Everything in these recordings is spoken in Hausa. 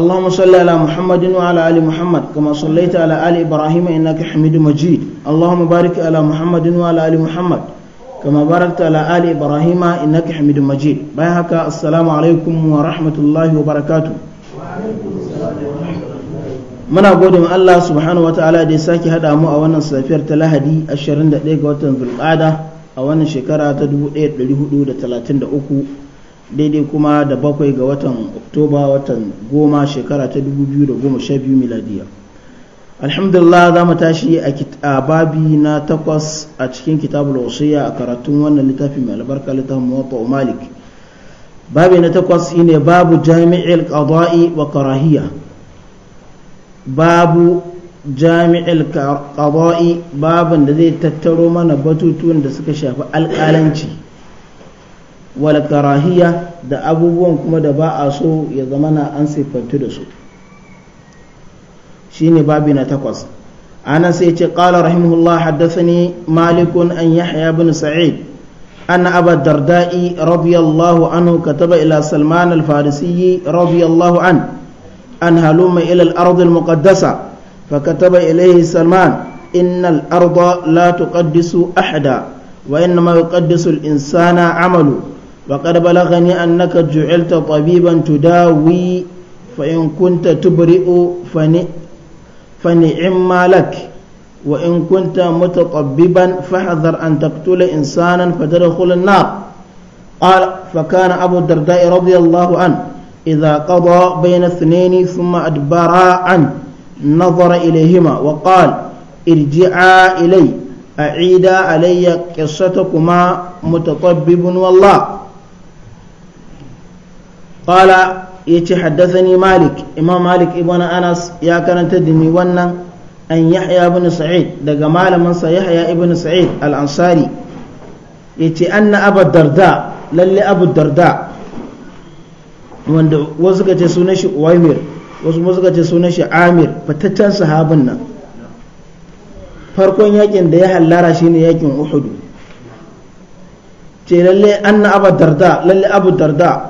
اللهم صل على محمد وعلى آل محمد كما صليت على آل إبراهيم إنك حميد مجيد اللهم بارك على محمد وعلى آل محمد كما باركت على آل إبراهيم إنك حميد مجيد بايهك السلام عليكم ورحمة الله وبركاته muna gode ma Allah subhanahu wa ta'ala da ya sake hada mu a wannan safiyar ta Lahadi 21 ga watan Zulqa'ada a wannan shekara ta 1433 daidai kuma da bakwai ga watan oktoba watan goma shekara ta 2012 miladiya alhamdulillah za mu tashi a babi na takwas a cikin kitabul wasiya a karatun wannan littafi mai albarka littafin muwatta malik babi na takwas shine babu jami'il qada'i wa karahiya babu jami'il qada'i babin da zai tattaro mana batutuwan da suka shafi alƙalanci walkarahiya karahiya da abubuwan kuma da ba a so ya zama na an siffantu da su shine babi na takwas ana sai ce qala rahimahullah haddathani malik an yahya bin sa'id أن أبا الدرداء رضي الله عنه كتب إلى سلمان الفارسي رضي الله عنه أن هلم إلى الأرض المقدسة فكتب إليه سلمان إن الأرض لا تقدس أحدا وإنما يقدس الإنسان عمله وقد بلغني أنك جعلت طبيبا تداوي فإن كنت تبرئ فنعم لك وإن كنت متطببا فاحذر أن تقتل إنسانا فتدخل النار قال فكان أبو الدرداء رضي الله عنه إذا قضى بين اثنين ثم أدبرا عنه نظر إليهما وقال ارجعا إلي أعيدا علي قصتكما متطبب والله qala yace haddathani malik imam malik ibn anas ya karanta da ni wannan an ibn sa'id daga malamin sa yahya ibn sa'id al-ansari yace anna abu darda lalle abu darda wanda wasu ka ce shi uwaimir wasu shi amir sahabin nan farkon yakin da ya hallara shine yakin uhudu ce lalle anna abu darda lalle abu darda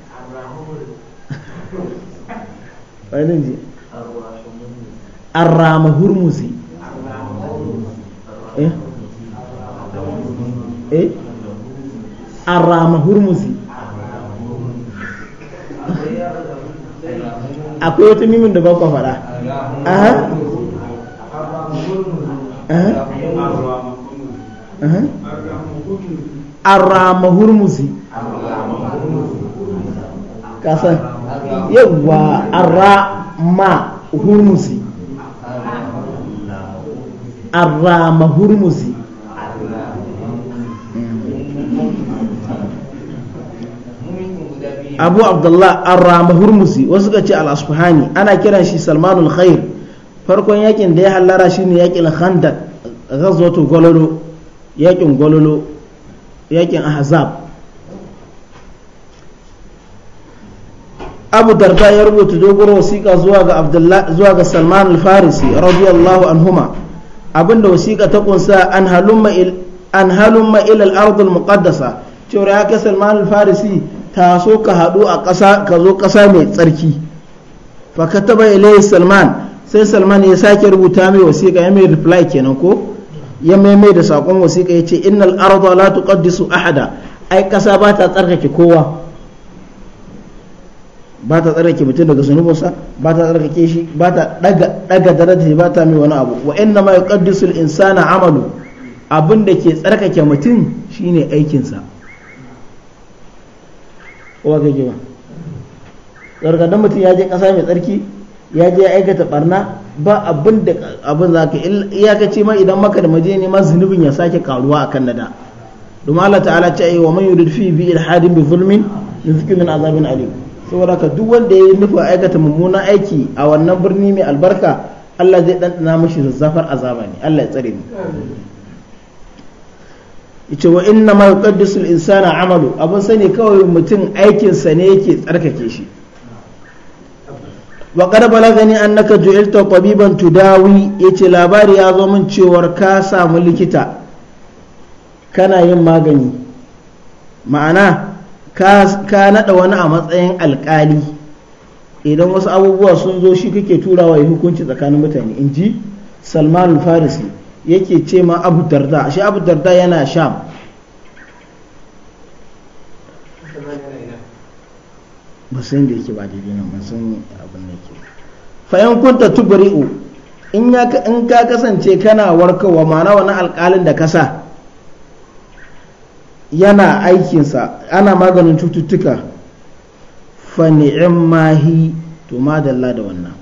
wai zan je arrama hurmuzi eh eh arrama hurmuzi akwai wata mimin da ba fara aha arrama hurmuzi kasan yawa arama hurmuzi arama hurmuzi abu abdullah arama hurmuzi wasu ka ce al-asfahani ana kiran shi salmanul khair farkon yakin da ya hallara ne yakin khandak ghazwatu gololo yakin gololo yakin ahzab abu darda ya rubuta doguwar wasiƙa zuwa ga salman al-farisi radiyallahu anhuma abinda wasiƙa ta kunsa an halumma ilal ardul muqaddasa cewar ya ka salman al-farisi ta so ka hadu a ƙasa ka zo ƙasa mai tsarki fa kataba ilayhi salman sai salman ya sake rubuta mai wasiƙa ya mai reply kenan ko ya maimai da saƙon wasiƙa ya ce innal ardu la tuqaddisu ahada ai ƙasa ba ta tsarkake kowa ba ta tsarkake mutum daga zunubinsa ba ta tsarkake shi ba ta daga daga daraja ba ta mai wani abu wa inna ma yuqaddisu al-insana amalu abin da ke tsarkake mutum shine aikinsa kowa ga ba tsarkadan mutum ya je ƙasa mai tsarki ya je aikata barna ba abin da abin za ka ce ma idan maka da maje ne ma zunubin ya sake karuwa a kan nada domin Allah ta'ala ce wa man yurid fi bi ilhadin bi zulmin nuzqi min azabin alim saboda ka duk wanda ya yi nufi aikata mummunan aiki a wannan birni mai albarka Allah zai ɗanɗana mashi zazzafar azaba ne Allah ya tsare mu yace wa inna ma yuqaddisu al-insana amalu abun sani kawai mutum aikin sa ne yake tsarkake shi wa qad balagani annaka ju'ilta tabiban tudawi yace labari ya zo min cewar ka samu likita kana yin magani ma'ana ka naɗa wani a matsayin alƙali idan wasu abubuwa sun zo shi kake turawa ya hukunci tsakanin mutane in ji salman farisi yake ce ma abu darda shi abu darda yana sham ba da yake ba daidai nan ban abin da yake fayan kunta tubari'u in ka kasance kana warkarwa ma'ana wani alƙalin da kasa yana aikinsa ana maganin cututtuka Fani ni'imma mahi, to madalla da wannan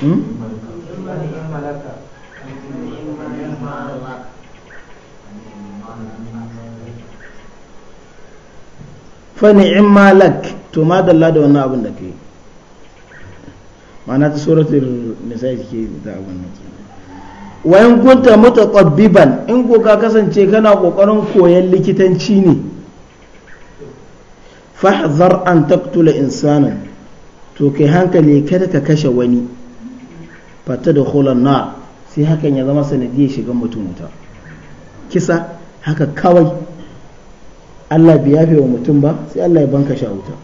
hmm? Fani ni'imma malak, to madalla da wannan abin da ke ma'ana ta tsoratar nisa ke da abin da ke wa in kunta mutattabbiban in ko ka kasance kana kokarin koyan likitanci ne fahzar an taqtula insana to kai hankali kada ka kashe wani fata da na sai hakan ya zama sanadiyar shiga mutum wuta kisa haka kawai Allah bai yafe wa mutum ba sai Allah ya banka sha wuta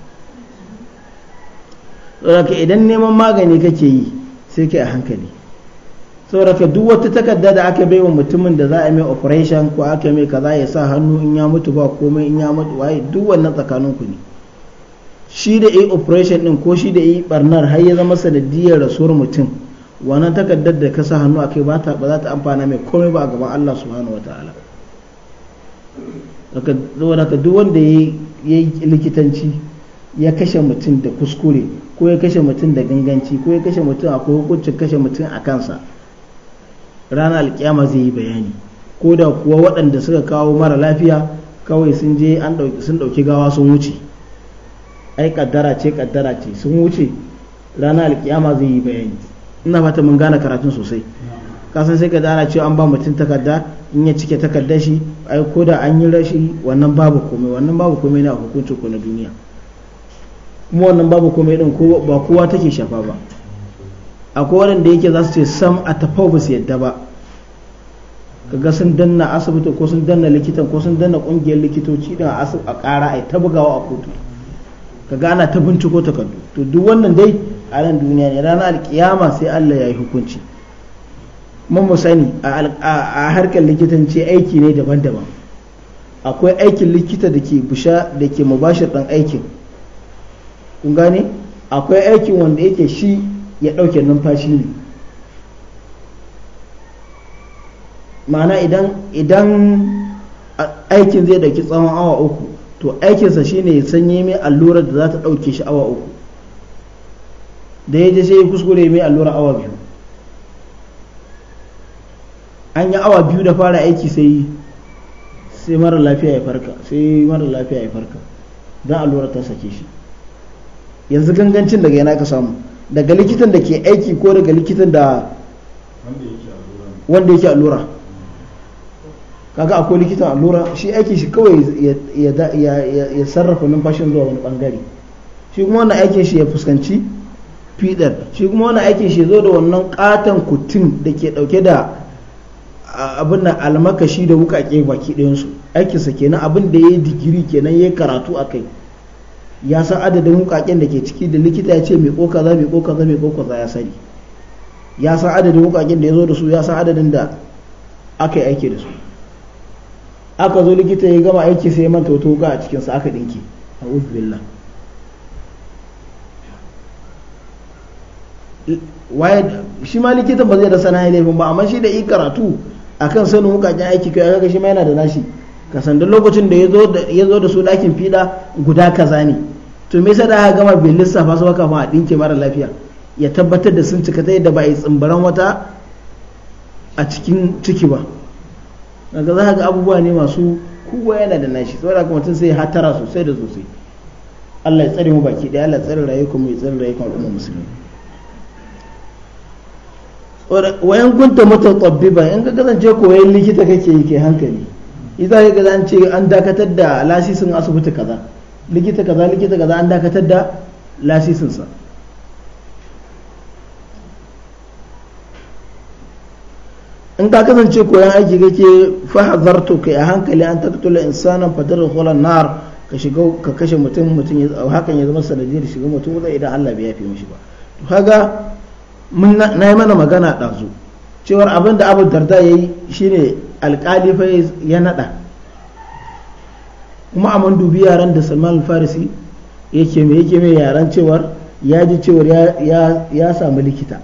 idan neman magani kake yi sai ke a hankali saboda duk wata takarda da aka bai wa mutumin da za a mai operation ko aka mai kaza ya sa hannu in ya mutu ba komai in ya mutu waye duk wannan tsakanin ku ne shi da yi operation din ko shi da yi barnar har ya zama sanadiyar rasuwar mutum wannan takardar da ka sa hannu a kai ba za ta amfana mai komai ba a gaban Allah subhanahu wataala saboda ka duk wanda ya yi likitanci ya kashe mutum da kuskure ko ya kashe mutum da ganganci ko ya kashe mutum akwai hukuncin kashe mutum a kansa ranar alkiyama zai yi bayani ko da kuwa waɗanda suka kawo mara lafiya kawai sun je sun ɗauki gawa sun wuce ai kaddara ce kaddara ce sun wuce ranar alkiyama zai yi bayani ina fata mun gane karatun sosai kasan sai ka dana cewa an ba mutum takarda in ya cike takardar shi ai ko da an yi rashi wannan babu komai wannan babu komai ne a hukuncin ko na duniya kuma wannan babu komai din ko ba kowa take shafa ba akwai waɗanda yake za su ce sam a tafau ba su yadda ba kaga sun danna asibiti ko sun danna likitan ko sun danna ƙungiyar likitoci da a ƙara a ta bugawa a kotu kaga ana ta binciko takardu to duk wannan dai a nan duniya ne ranar alƙiyama sai Allah ya yi hukunci mun mu sani a harkar likitanci aiki ne daban-daban akwai aikin likita da ke busha da ke mubashir ɗan aikin kun gane akwai aikin wanda yake shi ya ɗauke numfashi ne ma'ana idan idan aikin zai ɗauki tsawon awa uku to aikinsa shine ya sanye mai allurar da za ta ɗauke shi awa uku da ya je sai kuskure mai allurar awa biyu an yi awa biyu da fara aiki sai sai mara lafiya ya farka sai mara lafiya ya farka don allurar ta sake shi yanzu gangancin daga yana ka samu daga likitan da ke aiki ko daga likitan da wanda yake allura kaga akwai likitan allura shi aiki shi kawai ya sarrafa numfashin zuwa wani bangare shi kuma wannan aikin shi ya fuskanci fidar shi kuma wannan aikin shi zo da wannan katon kutin da ke dauke da abin nan almakashi da wukake baki ɗayansu aikinsa kenan abin da ya yi digiri kenan ya karatu a kai ya san adadin wukaken da ke ciki da likita ya ce mai ko kaza mai ko kaza mai ko kaza ya sani ya san adadin wukaken da ya zo da su ya san adadin da aka yi aiki da su aka zo likita ya gama aiki sai man toto wuka a cikinsa aka dinki a billah waye shi ma likitan ba zai da sana laifin ba amma shi da yi karatu akan sanin wukaken aiki kai ga shi ma yana da nashi kasan da lokacin da ya zo da su ɗakin fiɗa guda kaza ne to me sai da aka gama bai lissafa su kafin a dinke mara lafiya ya tabbatar da sun cika ta yadda ba a yi tsimbaran wata a cikin ciki ba daga za ga abubuwa ne masu kowa yana da nashi saboda kuma mutum sai ya hatara sosai da sosai Allah ya tsare mu baki daya Allah ya tsare rayukan mu ya tsare rayukan al'umma musulmi gunta yan tsabbi ba in ka kasance koyon likita kake yi ke hankali idan ka kasance an dakatar da lasisin asibiti kaza likita kaza likita kaza an dakatar da lasisinsa in ka kasance koyan aiki kake fahazarto kai a hankali an taktula insanan fadar holan nar ka shiga ka kashe mutum mutum hakan ya zama sanadiyar shiga mutum wuta idan Allah bai yafe mishi ba to kaga mun na yi mana magana ɗazu cewar abin da abu darda ya yi shine alkali fa ya naɗa kuma a man dubi yaran da salman farisi yake mai yake mai yaran cewar ya ji cewar ya samu likita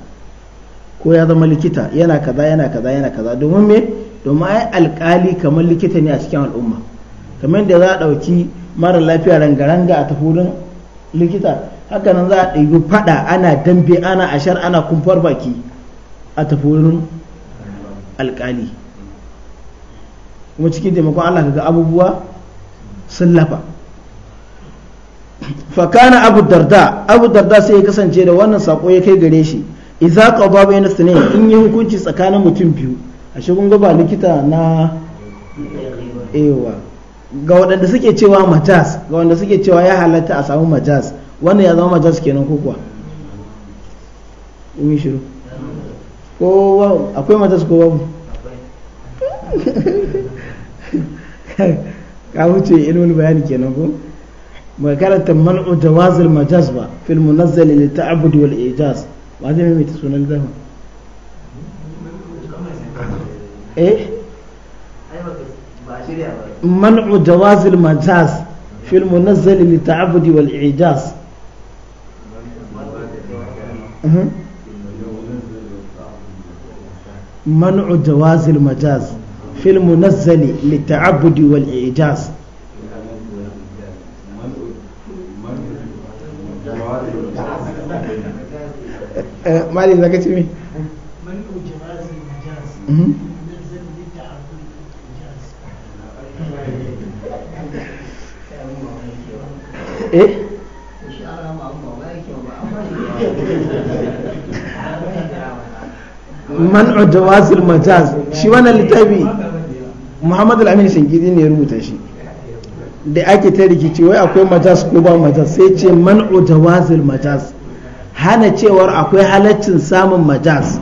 ko ya zama likita yana kaza yana kaza yana kaza domin me domin ai alkali kamar likita ne a cikin al'umma kamar da za a ɗauki mara lafiya rangaranga a tafurin likita hakanan za a ɗaibi fada ana dambe ana ashar ana kumfar baki a tafurin alkali kuma cikin taimakon allah ga abubuwa sun lafa fakana abu darda abu darda sai ya kasance da wannan sako ya kai gare shi idza qada bayna sunayn in yi hukunci tsakanin mutum biyu ashe kun ga ba likita na ewa ga waɗanda suke cewa majas ga waɗanda suke cewa ya halatta a samu majas wannan ya zama majas kenan ko kuwa in shiru ko akwai majas ko babu ka wuce ilmul bayani kenan ko ba karanta man'u jawazil majaz ba fil munazzal lil abudu wal ijaz ba zai mai sunan zaman eh man'u jawazil majaz fil munazzal lil abudu wal ijaz منع جواز المجاز في المنزل للتعبد والإعجاز ما لي ذاك تمي إيه منع جواز المجاز شو أنا اللي تبي muhammadu al-amin shingidi ne ya rubuta shi da ake ta rikici wai akwai majas ko ba majas sai ce man'u jawazil majas hana cewar akwai halaccin samun majas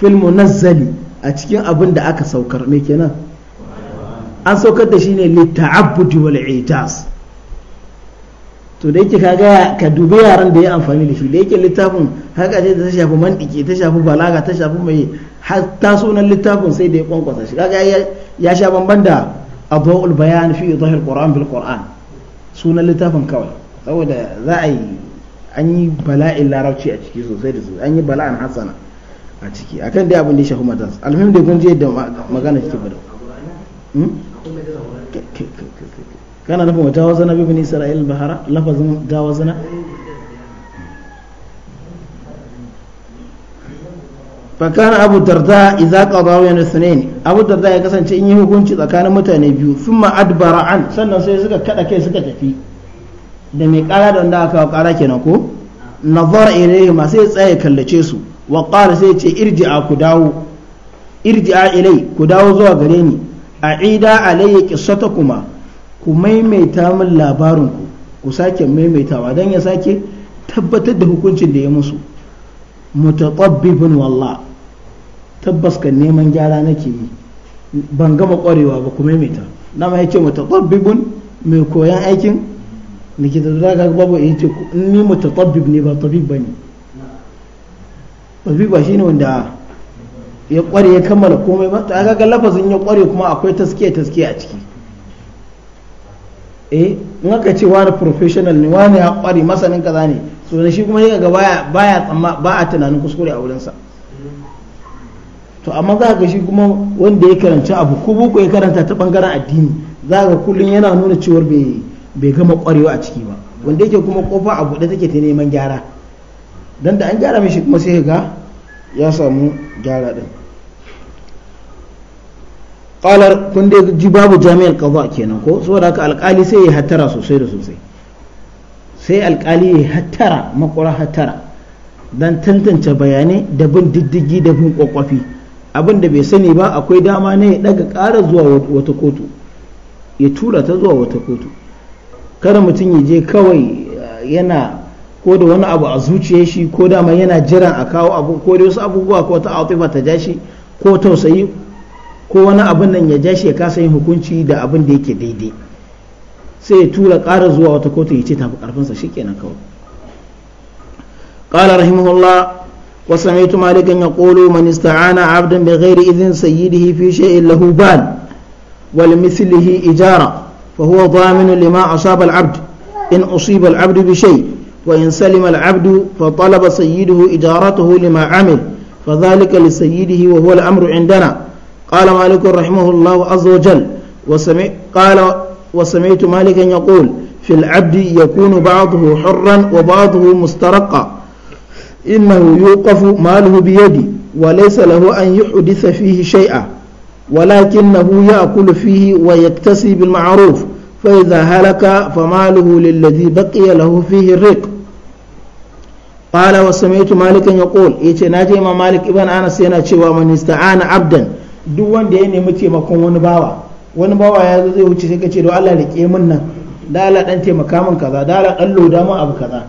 filmu nazali a cikin abin da aka saukar me kenan an saukar da shi ne litta'abbudi wal itas to da yake kaga ka dubi yaran da ya amfani da shi da yake littafin haka ce ta shafi mantiki ta shafi balaga ta shafi mai hatta sunan littafin sai da ya kwankwasa shi kaga ya sha bamban da adwaul bayan fi idhar qur'an bil qur'an sunan littafin kawai saboda za a yi an yi bala'in larabci a ciki sosai da sosai an yi bala'in hatsana a ciki akan dai abin da ya shafi matas alhamdu da kun je da magana ciki bada hmm? kana nufin wata wazana bibin isra'il bahara lafazin ta wazana fakana abu darda idza qada wa yasnain abu darda ya kasance in yi hukunci tsakanin mutane biyu thumma adbara an sannan sai suka kada kai suka tafi da mai kara da wanda aka kara kenan ko nazar ma sai tsaye kallace su wa qala sai ce irji'a ku dawo irji'a ilai ku dawo zuwa gare ni a'ida alayya qissatakuma ku maimaita min labarin ku ku sake maimaitawa dan ya sake tabbatar da hukuncin da ya musu mutatabbibun wallah tabbas kan neman gyara nake yi ban gama kwarewa ba kuma mai ta dama ya ce mutatabbibun mai koyan aikin likita da ga babu ya ce ni tabbib ne ba tabib ne tabib ba shi ne wanda ya kware ya kammala komai ba ta ga lafazin ya kware kuma akwai taskiya taskiya a ciki eh in aka ce wani professional ne wani ya kware masanin kaza ne so shi kuma ya ga baya baya ba a tunanin kuskure a wurinsa sa to amma za ga shi kuma wanda ya karanci abu ko boko ya karanta ta bangaren addini za a ga kullum yana nuna cewar bai gama kwarewa a ciki ba wanda yake kuma kofa a buɗe take ta neman gyara dan da an gyara mishi kuma sai ga ya samu gyara din qalar kun da ji babu jami'ar qada kenan ko saboda haka alƙali sai ya hattara sosai da sosai sai alƙali ya hattara makwara hattara dan tantance bayanai da bin diddigi da bin kwakwafi abin da bai sani ba akwai dama ne ya daga ƙara zuwa wata kotu ya tura ta zuwa wata kotu kada mutum ya je kawai uh, yana ko da wani abu a zuciya shi ko dama yana jiran a kawo abu ko da wasu abubuwa ko ta atifa ta ja shi ko tausayi ko wani abin nan ya ja shi ya kasa yin hukunci da abin da yake daidai sai ya tura ƙara zuwa wata kotu ya ce tafi ƙarfinsa kenan kawai ƙala rahimahullah وسمعت مالكا يقول من استعان عبدا بغير إذن سيده في شيء له بال ولمثله إجارة فهو ضامن لما أصاب العبد إن أصيب العبد بشيء وإن سلم العبد فطلب سيده إجارته لما عمل فذلك لسيده وهو الأمر عندنا قال مالك رحمه الله عز وجل وسمع قال وسمعت مالكا يقول في العبد يكون بعضه حرا وبعضه مسترقا إنه يوقف ماله بيدي وليس له أن يحدث فيه شيئا ولكنه يأكل فيه ويكتسي بالمعروف فإذا هلك فماله للذي بقي له فيه الرق قال وسمعت مالكا يقول يتي ما مالك ابن أنس yana cewa man ista'ana abdan duk wanda ya nemi taimakon wani bawa wani bawa ya zo zai wuce sai ka ce don Allah rike min nan da Allah taimaka min kaza da Allah loda ma abu kaza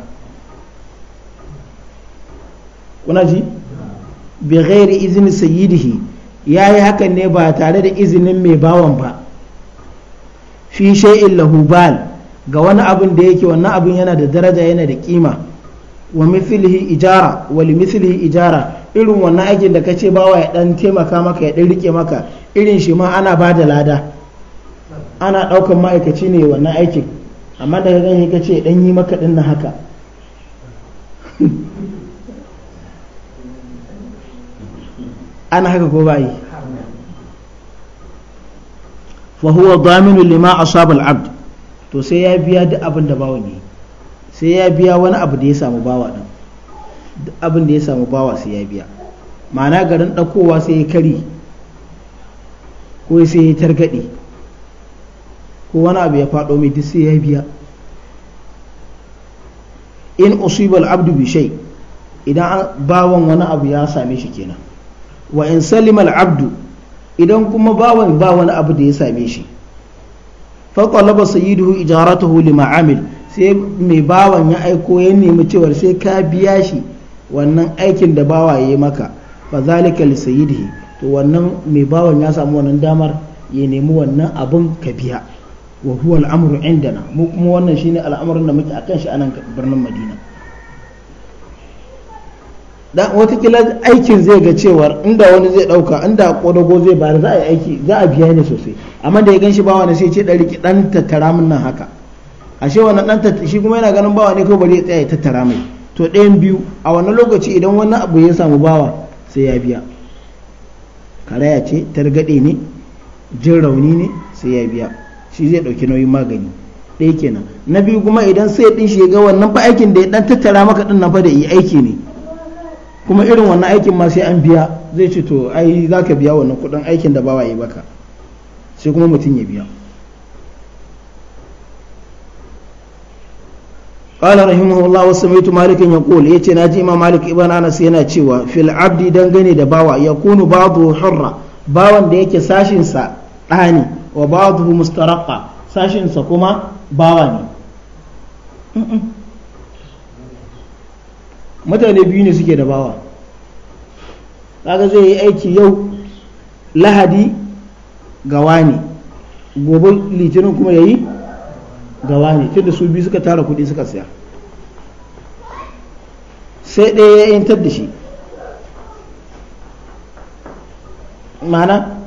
kuna ji bi ghairi izini sayyidihi yayi hakan ne ba tare da izinin mai bawan ba fi shay'in lahu bal ga wani abun da yake wannan abun yana da daraja yana da kima wa mithlihi ijara wa li mithlihi ijara irin wannan aikin da kace bawa ya dan taimaka maka ya dan rike maka irin shi ma ana ba da lada ana daukan ma'aikaci ne wannan aikin amma daga gani kace dan yi maka din haka ana haka ko ba yi fa huwa daminu lima asaba al-abd to sai ya biya duk abin da bawan yi sai ya biya wani abu da ya samu bawa din duk abin da ya samu bawa sai ya biya ma'ana garin ɗaukowa sai ya kari ko sai ya targaɗe ko wani abu ya faɗo mai duk sai ya biya in usibal abdu bi shay idan bawan wani abu ya same shi kenan wa in salimal abdu idan kuma bawan ba wani abu da ya same shi faƙwalaba sayyiduhu ijaratuhu lima amil sai mai bawan ya aiko ya nemi cewar sai ka biya shi wannan aikin da bawa ya yi maka fa zalika li sayyidihi to wannan mai bawan ya samu wannan damar ya nemi wannan abun ka biya wa huwa al'amru indana mu kuma wannan shine al'amarin da muke akan shi anan birnin Madina da watakila aikin zai ga cewar inda wani zai dauka inda kodago zai bayar za a yi aiki za a biya ne sosai amma da ya ganshi bawa ne sai ce dan riki dan tattara min nan haka ashe wannan dan shi kuma yana ganin bawa ne ko bari ya tsaya ya tattara mai to ɗayan biyu a wannan lokaci idan wani abu ya samu bawa sai ya biya karaya ce targaɗe ne jin rauni ne sai ya biya shi zai ɗauki nauyin magani ɗaya kenan na biyu kuma idan sai ɗin shi ya ga wannan fa aikin da ya ɗan tattara maka ɗin nan fa da yi aiki ne kuma irin wannan aikin ma sai an biya zai ce to ai za ka biya wannan kudin aikin da bawa ya baka sai kuma mutum ya biya قال ya ƙoli ya ce na يتي ناجي امام malik ابن انس yana cewa fil abdi dangane da bawa ya kunu ba'dhu hurra bawan da yake sashin sa dani wa badu mustaraqa sashin sa kuma bawa ne mutane biyu ne suke da bawa kaga zai yi aiki yau lahadi ga wani gobe litinin kuma ya yi ga wani tunda su biyu suka tara kuɗi suka siya sai ɗaya ya yantar da shi mana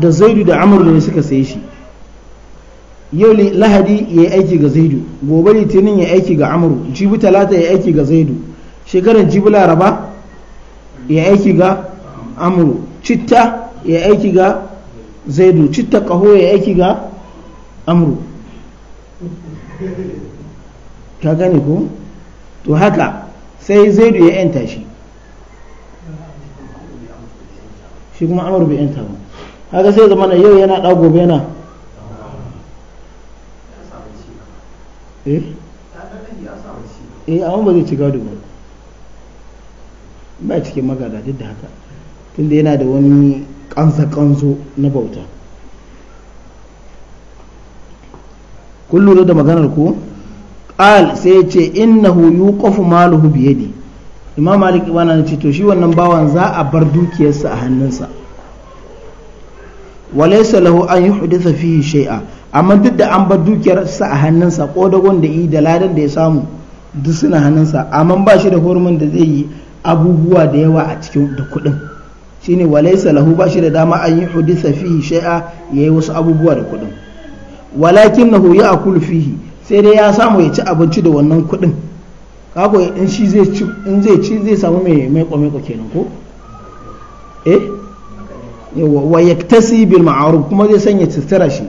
da zaidu da amur ne suka sai shi yau lahadi ya yi aiki ga zaidu gobe litinin ya aiki ga amuru jibi talata ya aiki ga zaidu shekarar jibi laraba ya aiki ga amuru citta ya aiki ga zaidu citta kaho ya aiki ga amuru ka gani ko to haka sai zaidu ya yanta shi shi kuma amuru bai yanta ba haka sai zama na yau yana ɗago gobe yana eh, eh a wani ba zai ci gado ba ba cikin magada duk da haka tunda yana da wani kansa-kanso na bauta kun lura da maganar ku qal sai ya ce innahu yuqafu maluhu yadi imam malik ibana ce to shi wannan bawan za a bar dukiyarsa a hannunsa walaysa lahu an yuhditha fihi shay'a amma duk da an bar dukiyarsa a hannunsa ko da wanda yi da ladan da ya samu duk suna hannunsa amma ba shi da hurumin da zai yi abubuwa da yawa a cikin da kuɗin shi ne walaisa lahu ba shi da dama an yi hudisa fihi ya yayi wasu abubuwa da kuɗin walakin na ya a fihi sai dai ya samu ya ci abinci da wannan kuɗin kako in shi zai ci zai ci samu mai mai kwame kenan ko eh wa yaktasi bil ma'ruf kuma zai sanya tsitira shi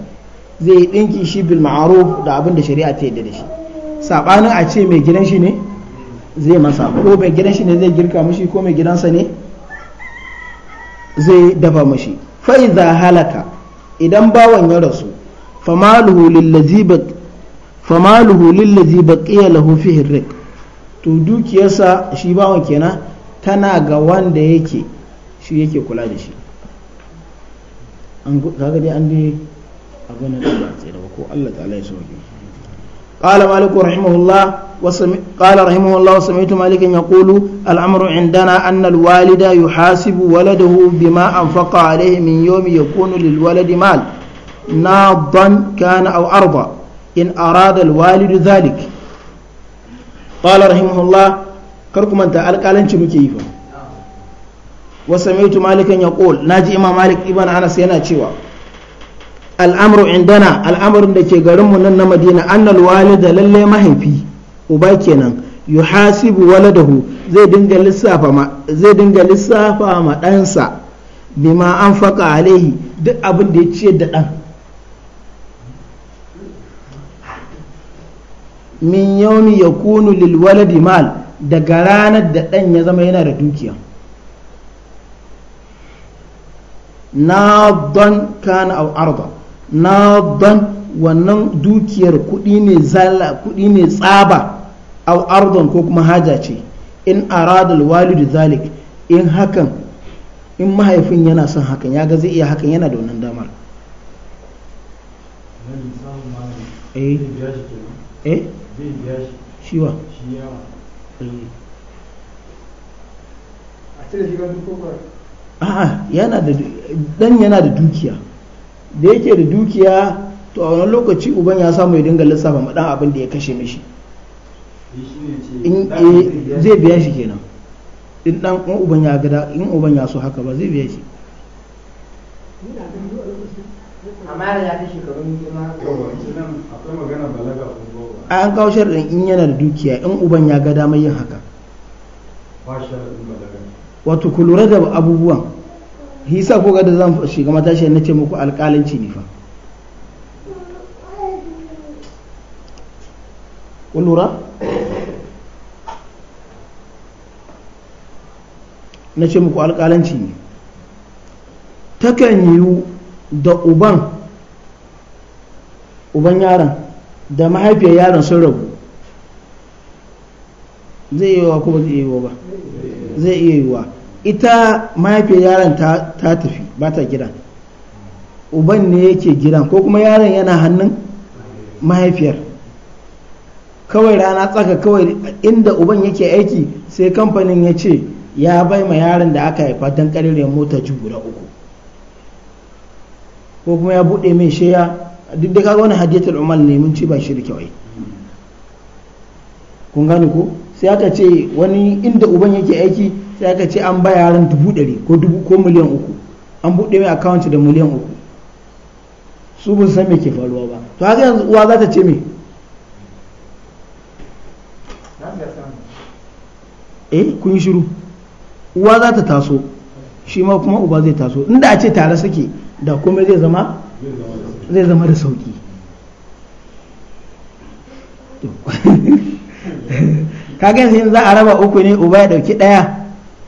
zai dinki shi bil ma'ruf da abin da shari'a ta yi da shi sabanin a ce mai gidan shi ne zai masa ko mai gidan shi ne zai girka mushi ko mai gidansa ne zai dafa mushi fai za halaka idan bawan ya rasu famaluhu lillazi baqiya lahu fi hirrik to dukiyarsa shi bawan kenan tana ga wanda yake shi yake kula da shi an kaga dai an dai abin da ba ba ko Allah ta'ala ya soke qala maliku rahimahullah قال رحمه الله سمعت مالكا يقول الأمر عندنا أن الوالد يحاسب ولده بما أنفق عليه من يوم يكون للولد مال ناضا كان أو أرضا إن أراد الوالد ذلك قال رحمه الله كركم أنت القالن كيف وسمعت مالكا يقول ناجي إمام مالك ابن أنس ينا تشيوا الأمر عندنا الأمر عندك غرمنا مدينة أن الوالد للي ما هي فيه uba kenan yuhasibu waladahu zai dinga lissafa ma zai dinga lissafa ma ɗansa bima an faka alaihi duk abin da ya ciyar da ɗan min yawmi ya kunu lil waladi mal daga ranar da ɗan ya zama yana da dukiya na don kana au arda na don wannan dukiyar kuɗi ne tsaba au ardon ko kuma haja ce in aradul walidu zalik in hakan in mahaifin yana son hakan ya ga zai iya hakan yana da wannan damar eh. Eh? Eh. yana da dan yana da dukiya da yake da dukiya to a wani lokaci uban ya samu ya dinga lissafa ma abin da ya kashe mishi in eh, zai biya shi kenan in dan uban ya gada in uban ya so haka ba zai biya shi a an kawo sharɗin in yana da dukiya in uban ya gada mai yin haka wato kulura da abubuwan hisa ko ga da zan shiga matashi na ce muku alƙalanci ne fa kun lura na ce muku alƙalanci ne takan yiwu da uban uban yaron da mahaifiyar yaron sun rabu zai iya yiwa ko zai iya yiwa ba zai iya yiwa ita mahaifiyar yaron ta tafi ba ta gida uban ne yake gidan ko kuma yaron yana hannun mahaifiyar kawai rana tsaka kawai inda uban yake aiki sai kamfanin ya ce ya bai ma yaron da aka haifa don karirin mota ji guda uku ko kuma ya buɗe mai shaya duk da kaga wani hadiyatul umar ne mun ci ba shi kyawai kun gane ko sai aka ce wani inda uban yake aiki sai aka ce an ba yaron dubu ɗari ko dubu ko miliyan uku an buɗe mai akawanci da miliyan uku su bin san me ke faruwa ba to haka yanzu uwa za ta ce me eh kun shiru uwa za ta taso shi ma kuma uba zai taso inda a ce tare suke da komai zai zama zai zama da sauki kaga yanzu za a raba uku ne uba ya dauki daya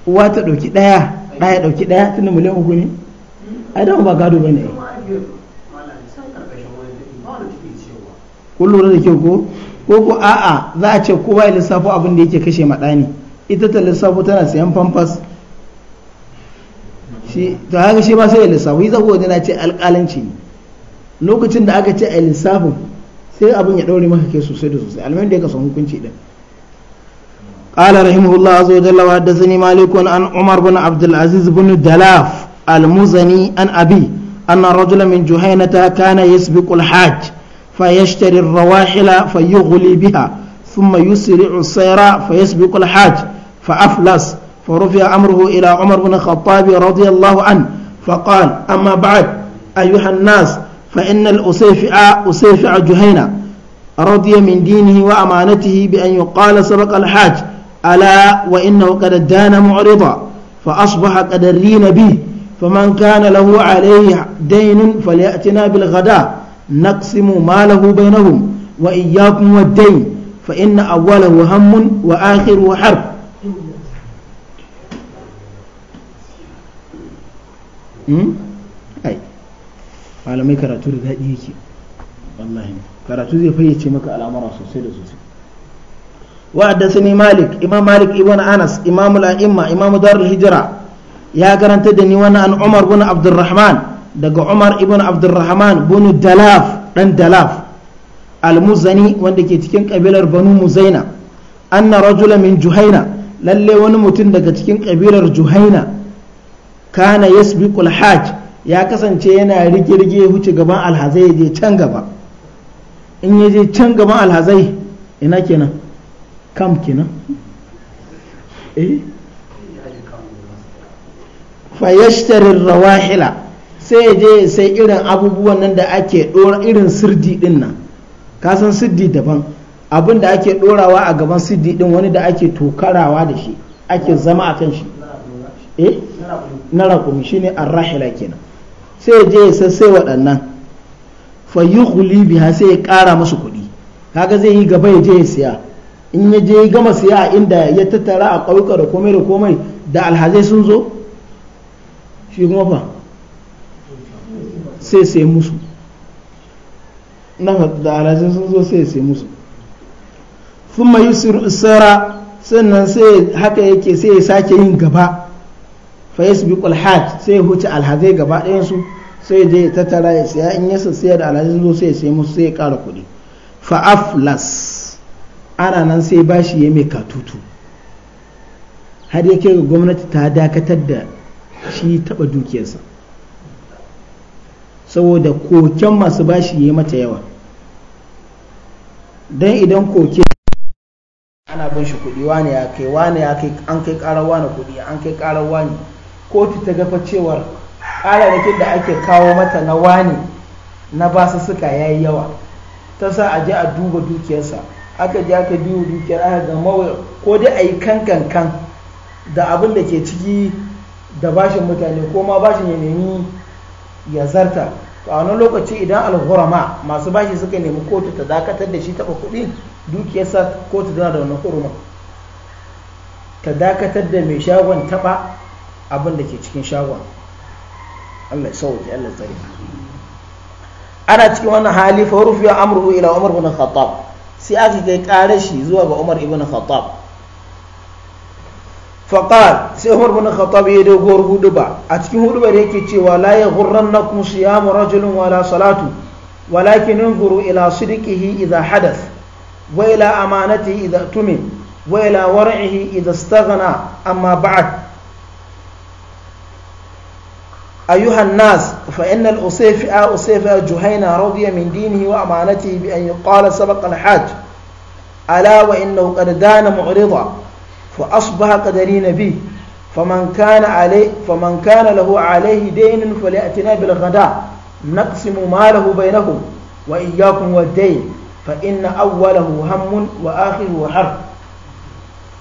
uwa ta dauki daya daya dauki daya tunda miliyan uku ne ai da ba gado bane ne. Kullum da kyau ko ko ko a'a za a ce kowa ya lissafo abin da yake kashe maɗani ita ta lissafo tana sayan famfas shi to haka shi ma sai ya lissafo yi zago ce alƙalanci ne lokacin da aka ce a lissafin sai abin ya ɗaure maka ke sosai da sosai almin da ya kasan hukunci ɗin قال رحمه الله عز وجل وحدثني مالك عن عمر بن عبد العزيز بن دلاف المزني عن أبي أن رجلا من جهينة كان يسبق الحاج فيشتري الرواحل فيغلي بها ثم يسرع السير فيسبق الحاج فأفلس فرفع أمره إلى عمر بن الخطاب رضي الله عنه فقال أما بعد أيها الناس فإن الأسيفع أسيفع جهينة رضي من دينه وأمانته بأن يقال سبق الحاج ألا وإنه قد دان معرضا فأصبح قد رين به فمن كان له عليه دين فليأتنا بالغداء نقسم ماله بينهم وإياكم والدين فإن أوله هم وآخره حرب Hmm? ai malamai karatu da daɗi yake wallahi karatu zai fayyace maka al'amura sosai da sosai wa haddathani malik imam malik ibn anas imam al-a'imma imam darul hijra ya garanta da ni wannan an umar ibn abdurrahman daga umar ibn abdurrahman bin dalaf dan dalaf al-muzani wanda ke cikin kabilar banu muzaina anna rajula min juhaina lalle wani mutum daga cikin kabilar juhaina kana yasbiqul hajj ya kasance yana rigirge huce gaban alhazai je can gaba in ya je can gaban alhazai ina kenan kam kenan eh fa rawahila sai je sai irin abubuwan nan da ake dora irin sirdi din nan ka san sirdi daban abin da ake dorawa a gaban sirdi din wani da ake tokarawa da shi ake zama a kan shi eh na rakumi shine rahila kenan sai ya je ya sassai waɗannan fa huli biya sai ya ƙara masu kuɗi kaga zai yi gaba ya je ya siya in ya je ya gama siya a inda ya tattara a ƙauyuka da komai da komai da alhazai sun zo shi kuma fa sai sai musu nan da alhazai sun zo sai sai musu thumma yi sara sannan sai haka yake sai ya sake yin gaba fa yasbiqu alhaj sai huce alhazai gaba ɗayan su sai je ya tattara ya siya in ya siya da alhazai zo sai ya sai musu sai ya ƙara kuɗi fa aflas ana nan sai bashi ya mai katutu har yake ga gwamnati ta dakatar da shi taɓa dukiyarsa saboda koken masu bashi ya yi mata yawa don idan koke ana bin shi kuɗi wane ya kai wane ya kai an kai ƙarar wane kuɗi an kai ƙarar wane kotu ta gafa cewar ƙararrakin da ake kawo mata na wani na basu suka ya yi yawa ta sa a je a duba dukiyarsa aka je aka duba dukiyar aka ga mawai ko dai a yi kankan da abin da ke ciki da bashin mutane ko ma bashin ya nemi ya zarta to a wani lokaci idan alhurama masu bashi suka nemi kotu ta dakatar da shi taɓa kuɗi dukiyarsa kotu tana da wani ta dakatar da mai shagon taɓa abin da ke cikin shagon Allah ya sauke Allah ya tsare ana cikin wannan hali fa rufiya amruhu ila Umar ibn Khattab sai aka kai kare shi zuwa ga Umar ibn Khattab faqal sai Umar ibn Khattab ya dogor huduba a cikin huduba da yake cewa la yaghurrannakum siyamu rajulin wala salatu walakin انظروا ila صدقه إذا حدث وإلى أمانته إذا تمن وإلى ورعه إذا استغنى amma بعد أيها الناس فإن الأصيفئة أصيفئة جهينة رضي من دينه وأمانته بأن يقال سبق الحاج ألا وإنه قد دان معرضا فأصبح قدرين به فمن كان عليه فمن كان له عليه دين فليأتنا بالغداء نقسم ماله بينهم وإياكم والدين فإن أوله هم وآخره حرب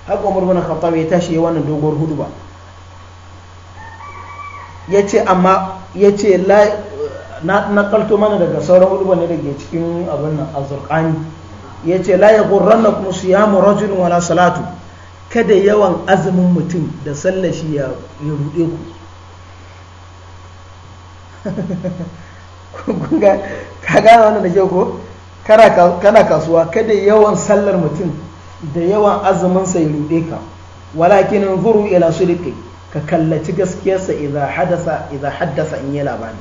هكو عمر بن الخطاب يتاشي وانا دوغور هدوبا ya ce amma ya ce na kalto mana daga sauran hudu ne da ke cikin abin nan azurkani ya ce la ya gurran na kuma su yamu rajin wala salatu kada yawan azumin mutum da sallashi ya rude ku ka gane wani da ke ko kana kasuwa kada yawan sallar mutum da yawan azumin sai rude ka walakin zuru ila sulikai ka kallaci gaskiyarsa idan haddasa in yi labari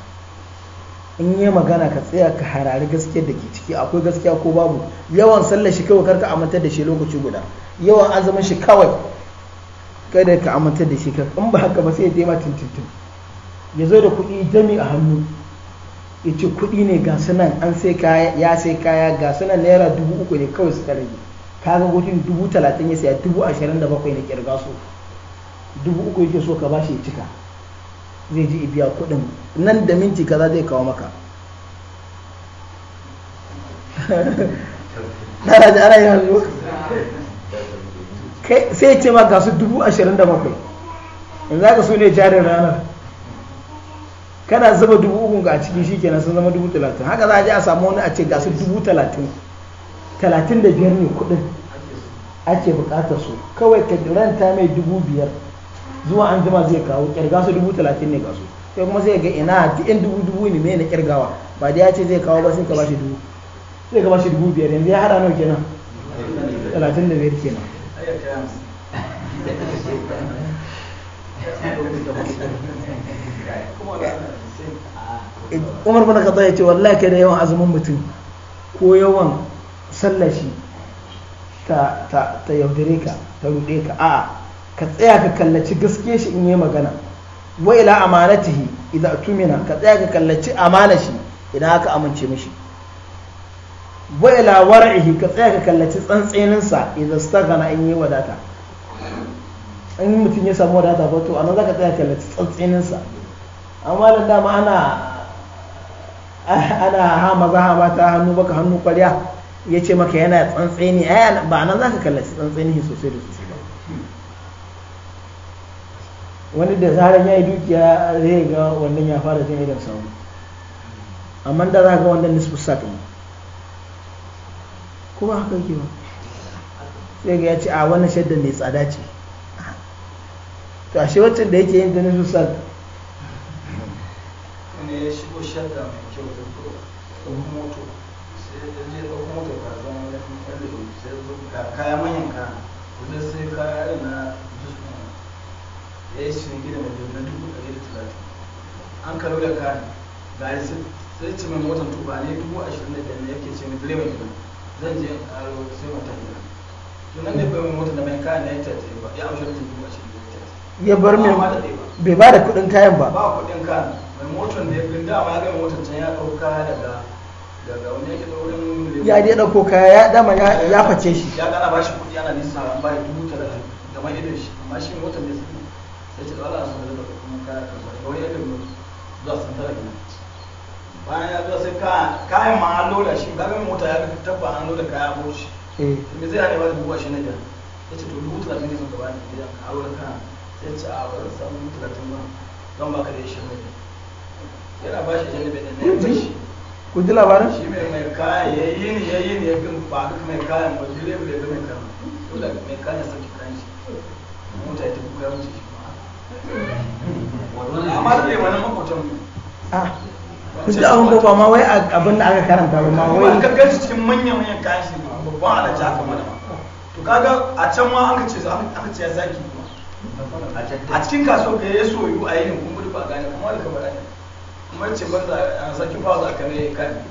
in yi magana ka tsaya ka harari gaskiyar da ke ciki akwai gaskiya ko babu yawan sallar shi kawai karka amintar da shi lokaci guda yawan azumin shi kawai kada ka amintar da shi ka in ba haka ba sai ya dema tintintin ya zo da kuɗi jami a hannu ya ce kuɗi ne ga sunan an sai kaya ya sai kaya ga sunan naira dubu uku ne kawai suka rage kaga gudun dubu talatin ya saya dubu ashirin da bakwai na kirga su dubu uku yake so ka ba shi ya cika zai ji biya kuɗin nan da minti kaza zai kawo maka ɗara da ana yi hannu sai ce ma gasu dubu ashirin da bakwai za ka so ne jarin ranar kana zaba dubu uku ga cikin shi kenan sun zama dubu talatin haka za a je a samu wani a ce gasu dubu talatin talatin da biyar ne kuɗin ake bukatar su kawai ka ranta mai dubu biyar zuwa an jima zai kawo kirga su dubu talatin ne ga su sai kuma sai ga ina duk yan dubu dubu ne mai na kirgawa ba da ya ce zai kawo ba sai ka bashi dubu sai ka bashi dubu biyar yanzu ya hada nawa kenan talatin da biyar kenan umar bana khattab ya ce wallahi kai da yawan azumin mutum ko yawan sallashi ta yaudare ka ta rude ka a'a ka tsaya ka kallaci gaske shi in yi magana wa ila amanatihi idza tumina ka tsaya ka kallaci amana shi idan aka amince mishi wa ila war'ihi ka tsaya ka kallaci tsantsenin sa idza staghana in yi wadata in mutum ya samu wadata ba to anan zaka tsaya ka kallaci tsantsenin sa amma da dama ana ana ha maza ha mata hannu baka hannu kwalya, ya ce maka yana tsantseni ba nan zaka kallaci tsantseni sosai da sosai wani da zarar ya yi dukiya zai ga wannan ya fara zai irin samu amma da za ga wannan nisfu sat ne kuma haka ke ba sai ga ya ce a wannan shaddan mai tsada ce to ashe waccan da yake yin da nisfu sat Wani ya shigo shadda mai kyau da moto sai da je ɗauko moto ka zama ya fi kyan da sai kaya manyan ka sai kaya na ya yi cikin gina mai dubu ɗari da talatin an karo da kayan ga yi sai ce mai motar tuba ne dubu ashirin da biyar ne yake ce mai direban gina zan je in ƙaro sai mata gida to ne bai mai motar da mai kayan na ya tattaye ba ya amshi da dubu ashirin da biyar ya bar mai bai ba da kuɗin kayan ba ba kuɗin kayan mai motar da ya fi dama ya ga motar can ya ɗauka daga daga wani ya je ɗauko kaya ya dama ya face shi ya gana ba shi kuɗi ana nisa ba ya dubu talatin da mai idan shi amma shi motar da ya ce wala sun da kuma kaya ka bayan ya zuwa sai kayan ma an loda shi ba gami mota ya tabba an loda kaya a shi eh. me zai hana ba da buwa shi na gida ya ce to dubu talatin ne sun gaba ne gidan ka aure sai ce a wurin samun dubu talatin ba zan baka da shi na gida yana ba shi janibe da na yamma shi kun ji labarin shi mai mai kayan ya yi ne ya yi ne ya bin ba duk mai kayan ba jure mai kayan dole mai kayan sauki kayan shi mota ya tafi kayan shi amma da bai wani ah, ma wai abin da aka karanta ba ma wai ka gaji cikin manyan manyan kayan shi babban alaji aka ba to kaga a can ma aka ce aka ce zaki a cikin kasuwa ka ya yi a ne kuma ba gane kuma da kamar ne kuma ce za a zaki ba za ka kan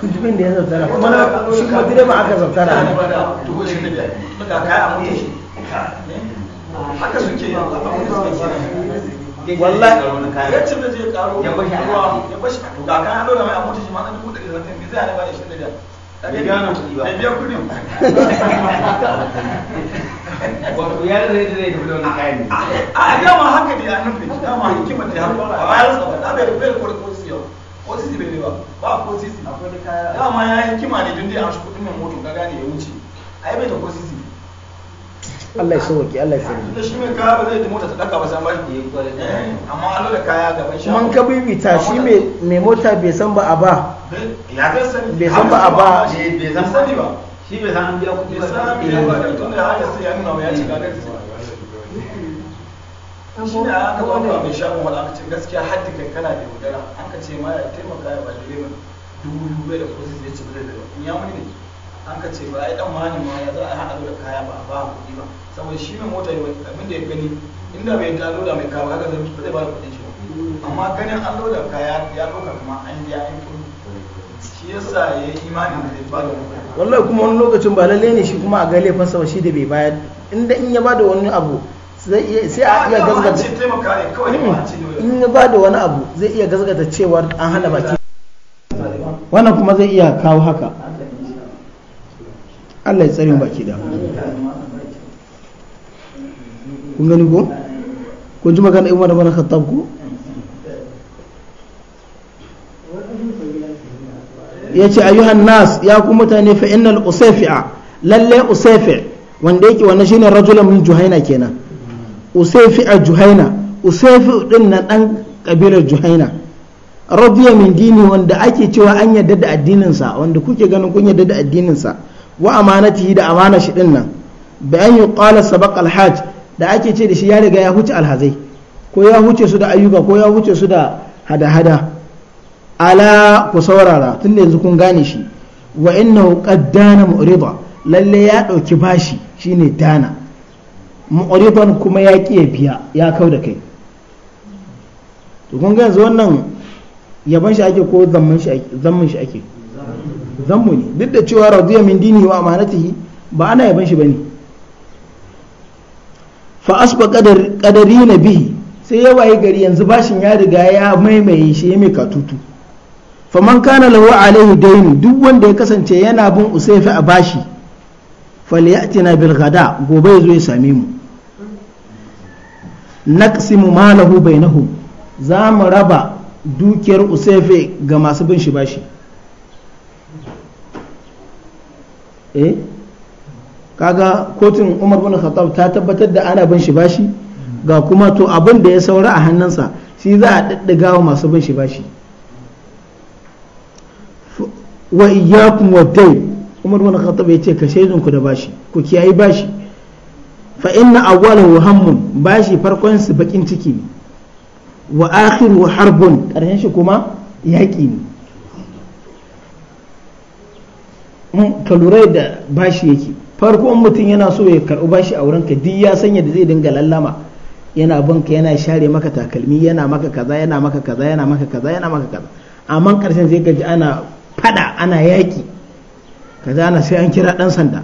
kun ji bin da ya zartara kuma na shi kuma direba aka zartara ne to ko shi ne da ka mutu shi haka suke yi wallahi ya ce da zai karo ya bashi ya bashi ga kan hado da mai amota shi ma na dubu ɗari da me zai hana ba shi da da gano kuɗi ba biya wato ya rage zai da wani kayan a dama haka ne a nufin dama hikimar da ya haɗu a ya rasa ba da bai bai ko ko siyo ko sisi bai ba ba ko sisi dama ya hikima ne dun dai shi kuɗin mai moto ka gane ya wuce ai bai ta ko sisi Allah ya sauke Allah ya sauke shi mai kaya ba zai da mota sadaka ba san ba shi amma Allah da kaya gaban shi man ka bibita shi mai mota bai san ba a ba ya zai sani bai san ba a ba bai san sani ba shi bai san an biya kuɗi ba san biya ba eh. tun da haka sai ya nuna ya ci da gadar shi ne aka wanda mai shagon wani aka ce gaskiya haddi kai kana da yaudara an ka ce ma ya taimaka ya ba lemun dubu dubu da kusa zai ci bude da ya wani da an ka ce ba ai dan wani ma ya za a haɗa da kaya ba a ba kuɗi ba saboda shi mai mota abin da ya gani inda bai ta loda mai kawo haka zai zai ba da kuɗin shi ba amma ganin an loda kaya ya ɗauka kuma an biya an kuɗi shi yasa ya yi imanin da zai ba da kuɗi wallahi kuma wani lokacin ba lalle ne shi kuma a ga laifin sa shi da bai bayar inda in ya ba da wani abu zai iya sai a iya gazgata hmm. in ya ba da wani abu zai iya gazgata cewar an hana baki wannan kuma zai iya kawo haka Allah ya tsare mu baki da kun gani ko kun ji magana Umar Khattab ko yace ayyuhan nas ya ku mutane fa innal lallai lalle usayfi wanda yake wannan shine rajulun min juhaina kenan usayfi'a juhaina usayfi din na dan kabilar juhaina radiya min dini wanda ake cewa an yadda da addininsa wanda kuke ganin kun yadda da addinin sa wa amanatihi da amana shi din nan an yi qala sabaq alhaj da ake ce da shi ya riga ya huce alhazai ko ya huce su da ayyuka ko ya huce su da hada-hada ala ku saurara tun da yanzu kun gane shi wa innahu qad dana mu'rida lalle ya dauki bashi shine dana mu'ridan kuma ya kiye biya ya kau da kai to kun ga yanzu wannan yaban shi ake ko zamman shi ake Zanmu ne duk da cewa radiya min dini wa amanatihi ba ana yaban shi bane fa asba qadari na bihi sai ya waye gari yanzu bashin ya riga ya maimaye shi ya mai katutu fa man kana lahu alaihi dainu duk wanda ya kasance yana bin usaifi a bashi falyatina bil ghada gobe zo ya same mu naqsimu malahu bainahum za mu raba dukiyar usaifi ga masu bin shi bashi eh kaga kotun umar bin khattab ta tabbatar da ana bin shi bashi ga kuma to abin da ya saura a hannunsa shi za a daddaga wa masu bin shi bashi wa iyyakum wa dai umar bin khattab ya ce ka shaidun ku da bashi ku kiyayi bashi fa inna awwalahu hammun bashi farkon su bakin ciki ne wa akhiru harbun karshen shi kuma yaki ne ka lura da bashi yake farko in mutum yana so ya karɓi bashi a wurin ka, duk ya sanya da zai dinga lallama yana ka yana share maka takalmi yana maka kaza yana maka kaza yana maka kaza yana maka kaza amma karshen sai gaji ana fada ana yaki kaza ana sai an kira dan sanda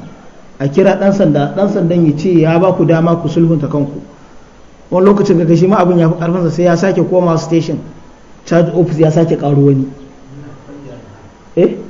a kira dan sanda dan sandan ya ce ya ba ku dama ku sulhunta kanku wani lokacin ga shi ma abin ya fi karfinsa sai ya sake koma station charge office ya sake karo wani eh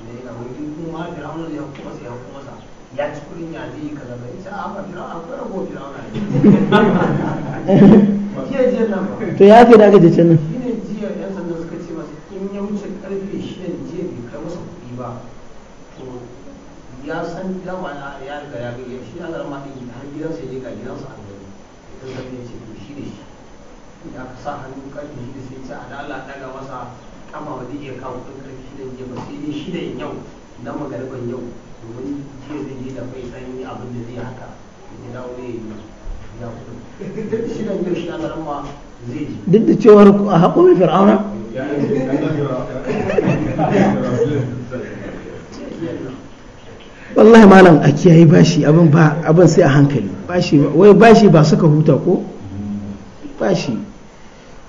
in kuma firawuna ya kuma sa ya kuma sa ya ci kudin ya zai yi kaza bai ce a ba firawuna akwai rago firawuna jiya jiya nan ba to ya fi da aka je can nan shine jiya yan sanda suka ce masu in ya wuce karfe shidan jiya bai kai masa kuɗi ba to ya san dama ya riga ya gaya shi ya zama ɗin har gidansa ya je gidan su an gani ya sanda ya ce to shi ne shi ya sa hannu karfe shi da sai ce a da Allah daga masa kama ba zai iya kawo kuɗin yau duk da cewar a haƙo mai fir'auna wallahi malam a kiyaye bashi abin ba abin sai a hankali bashi wai bashi ba suka huta ko bashi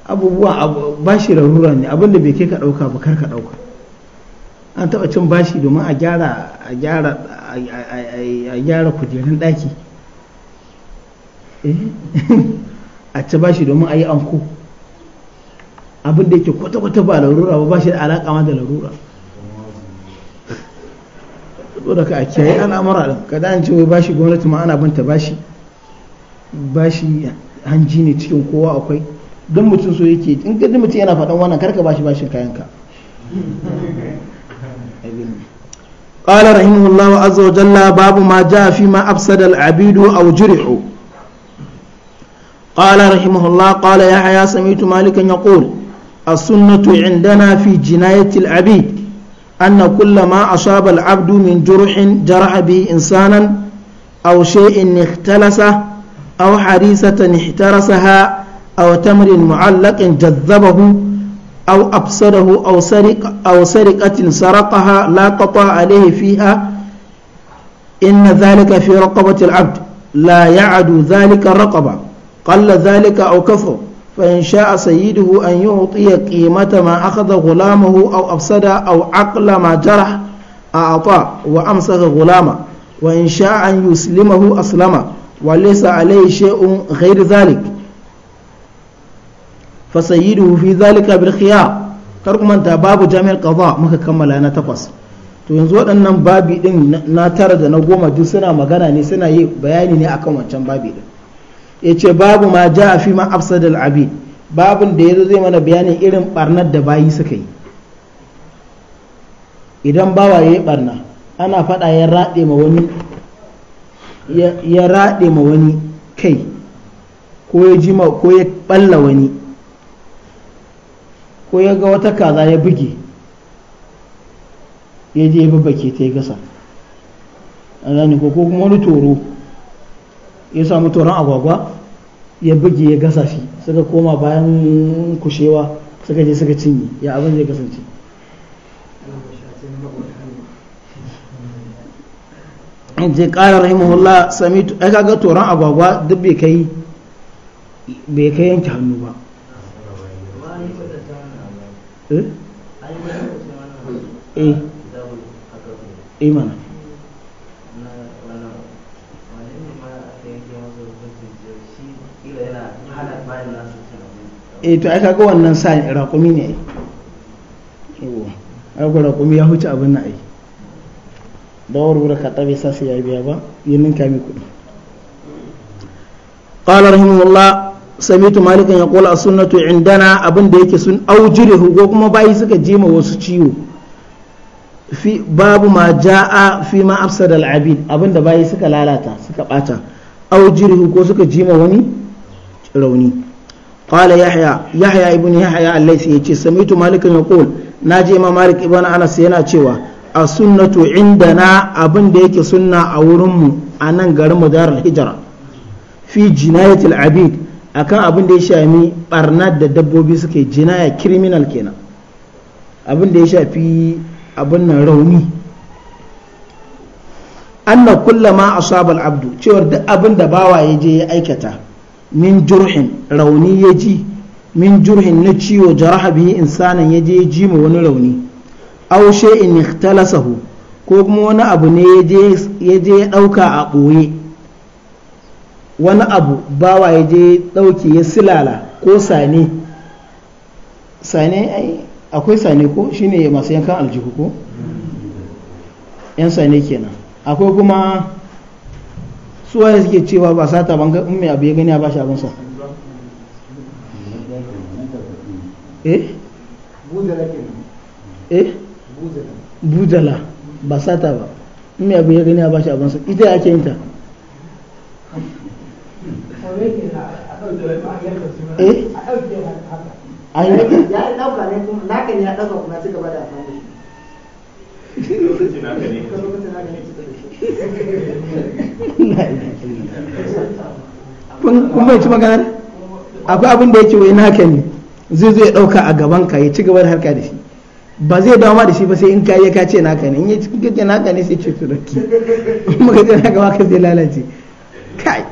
abubuwa bashi rarura ne abinda bai kai ka ɗauka ba kar ka ɗauka an taɓa cin bashi domin a gyara a gyara a gyara kujerun ɗaki eh? a ci bashi domin a yi anko abin da yake kwata-kwata ba larura ba bashi da alaƙa ma da larura da ka a kiyaye al'amura ɗin kada an ce wai bashi gwamnati ma ana binta bashi bashi hanji ne cikin kowa akwai don mutum so yake in ga mutum yana faɗan wannan karka bashi bashin kayan ka. قال رحمه الله عز وجل باب ما جاء فيما أفسد العبيد أو جرحوا قال رحمه الله قال يا حيا سمعت مالكا يقول السنة عندنا في جناية العبيد أن كل ما أصاب العبد من جرح جرح به إنسانا أو شيء اختلسه أو حريسة احترسها أو تمر معلق جذبه أو أبصره أو سرق أو سرقة سرقها لا قطع عليه فيها إن ذلك في رقبة العبد لا يعد ذلك الرقبة قل ذلك أو كفر فإن شاء سيده أن يعطي قيمة ما أخذ غلامه أو أفسد أو عقل ما جرح أعطى وأمسك غلامه وإن شاء أن يسلمه أسلمه وليس عليه شيء غير ذلك fasayidu fi zalika bil khiya kar ku manta babu jami'ar qada muka kammala na takwas to yanzu waɗannan babi din na tara da na goma duk suna magana ne suna yi bayani ne akan wancan babi din yace babu ma ja'a fi ma afsada al abid babin da yazo zai mana bayanin irin barnar da bayi suka yi idan bawa yayi barna ana faɗa ya raɗe ma wani ya rade ma wani kai ko ya jima ko ya balla wani ko ya ga wata kaza ya buge ya je ya baki ta ya gasa an gane ko ko kuma wani toro ya samu toron agwagwa ya buge ya gasa shi suka koma bayan kushewa suka je suka cinye ya abin zai kasance je ƙara rahimahullah sami ai kaga toron agwagwa duk bai kai bai kai yanke hannu ba e to aka ga wannan sa raƙumi ne ai aka raƙumi ya huce abin na ai dawar wura ka tabi sa ya biya ba yi ninka mi kuɗi قال رحمه samitu malikan ya kola sunnatu indana abin da yake sun aujire ko kuma bayi suka jima wasu ciwo fi babu ma ja'a fi ma afsada al-abid abin da bayi suka lalata suka bata aujire ko suka jima wani rauni qala yahya yahya ibn yahya al yace samitu malikan ya kola naji imam malik ibn anas yana cewa a sunnatu indana abin da yake sunna a wurinmu a nan garin mu darul hijra fi jinayatil abid akan abin da ya shafi barnar da dabbobi suke jinaya criminal kenan abin da ya shafi abin nan rauni anna kullama asabal abdu cewar duk abin da bawa ya je ya aikata min jurhin rauni ya ji min jurhin na ciwo jaraha bihi insanan ya je ya ji ma wani rauni aushe in ikhtalasahu ko kuma wani abu ne ya je ya dauka a ɓoye. wani abu bawa ya je ɗauke ya silala ko sane sane akwai sane ko shine masu yankan aljihu ko yan sane kenan akwai kuma ya suke cewa ba sa ban in mai abu ya gani a shi abin sa eh budala eh? ba sata ba in mai abu ya gani a bashi sa ita ake yin ta eh ai ya dauka ne kuma naka ya ɗauka ci gaba da kun akwai abin da yake wai naka ne zai zai dauka a gaban ka ya ci gaba da harka da shi ba zai dama da shi ba sai in kayi ka ce naka ne in ya ci naka ne sai ce naka ka zai lalace kai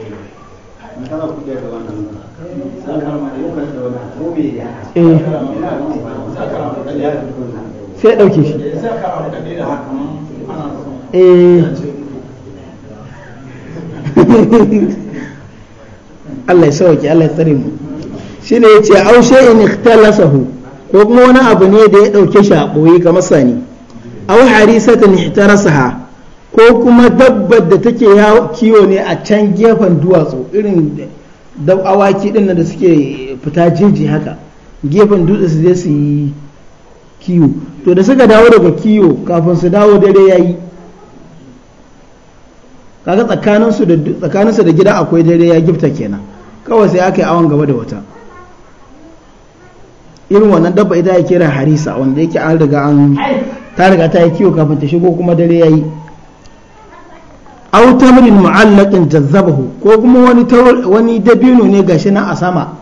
sai ɗauke shi Allah ya sauke Allah ya tsare mu shi ne ya ce aushe in ikhtalasahu ko kuma wani abu ne da ya ɗauke shi a ɓoye kamar sani au harisatan ihtarasaha ko kuma dabbar da take kiwo ne a can gefen duwatsu irin da awaki din da suke fita jeji haka gefen dutse su je su yi kiwo to da suka dawo daga kiwo kafin su dawo dare yayi kaga tsakaninsu da su da gida akwai dare ya gifta kenan kawai sai aka yi awon gaba da wata irin wannan dabba ita ya kira harisa wanda yake an riga an ta riga ta yi kiwo kafin ta shigo kuma dare yayi aw tamrin mu'allaqin jazzabahu ko kuma wani wani dabino ne gashi nan a sama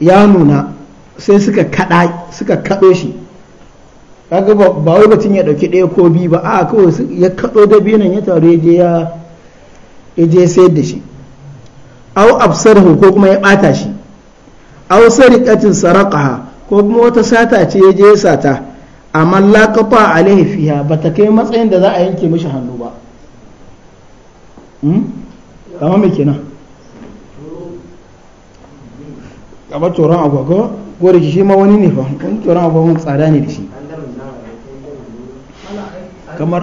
ya nuna sai suka kada suka kado shi kaga ba wai batun ya dauki ɗaya ko biyu ba a kawai ya kado dabinon ya taru ya je ya je sayar da shi aw absarhu ko kuma ya bata shi aw sariqatin saraqaha ko kuma wata sata ce ya je sata amma laqata alaihi fiha bata kai matsayin da za a yanke mishi hannu ba Hmm? kama mai kenan kama tsoron agwagwa ko da shi ma wani ne fa wani tsoron agwagwa tsada ne da shi kamar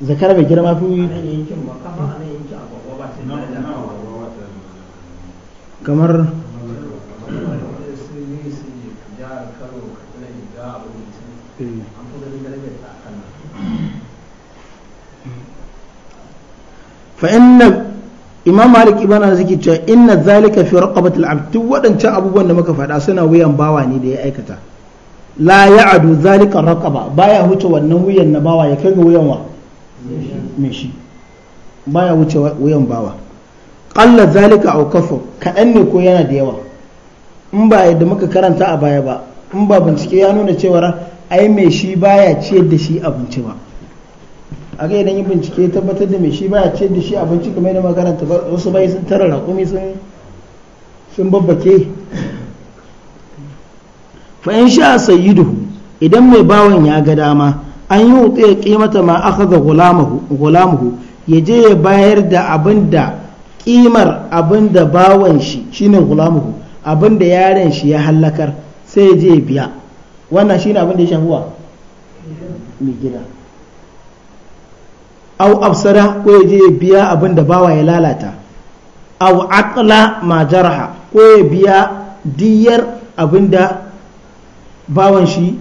zakara mai girma fi kamar kamar fa inna imam malik ibn anas yake cewa inna zalika fi raqabatil abd duk waɗancan abubuwan da muka faɗa suna wuyan bawa ne da ya aikata la ya'adu zalika raqaba baya huce wannan wuyan na bawa ya kai ga wuyan wa me shi baya huce wuyan bawa qalla zalika aw kafa kaɗan ne ko yana da yawa in ba yadda muka karanta a baya ba in ba bincike ya nuna cewa ai me shi baya ciyar da shi abinci ba a ga idan yi bincike tabbatar da mai shi baya ce da shi abinci kamar da makaranta wasu bai sun tara raƙumi sun sun babbake fa in sha sayyidu idan mai bawan ya ga dama an yi hutu ya kimata ma aka ga gulamuhu ya je ya bayar da abin da kimar abin da bawan shi shine gulamuhu abin da yaren shi ya hallakar sai ya je ya biya wannan shine abin da ya shafuwa mai gida au afsara ko ya je ya biya abin da bawa ya lalata au aqla ma jaraha ko ya biya diyar abin da bawan shi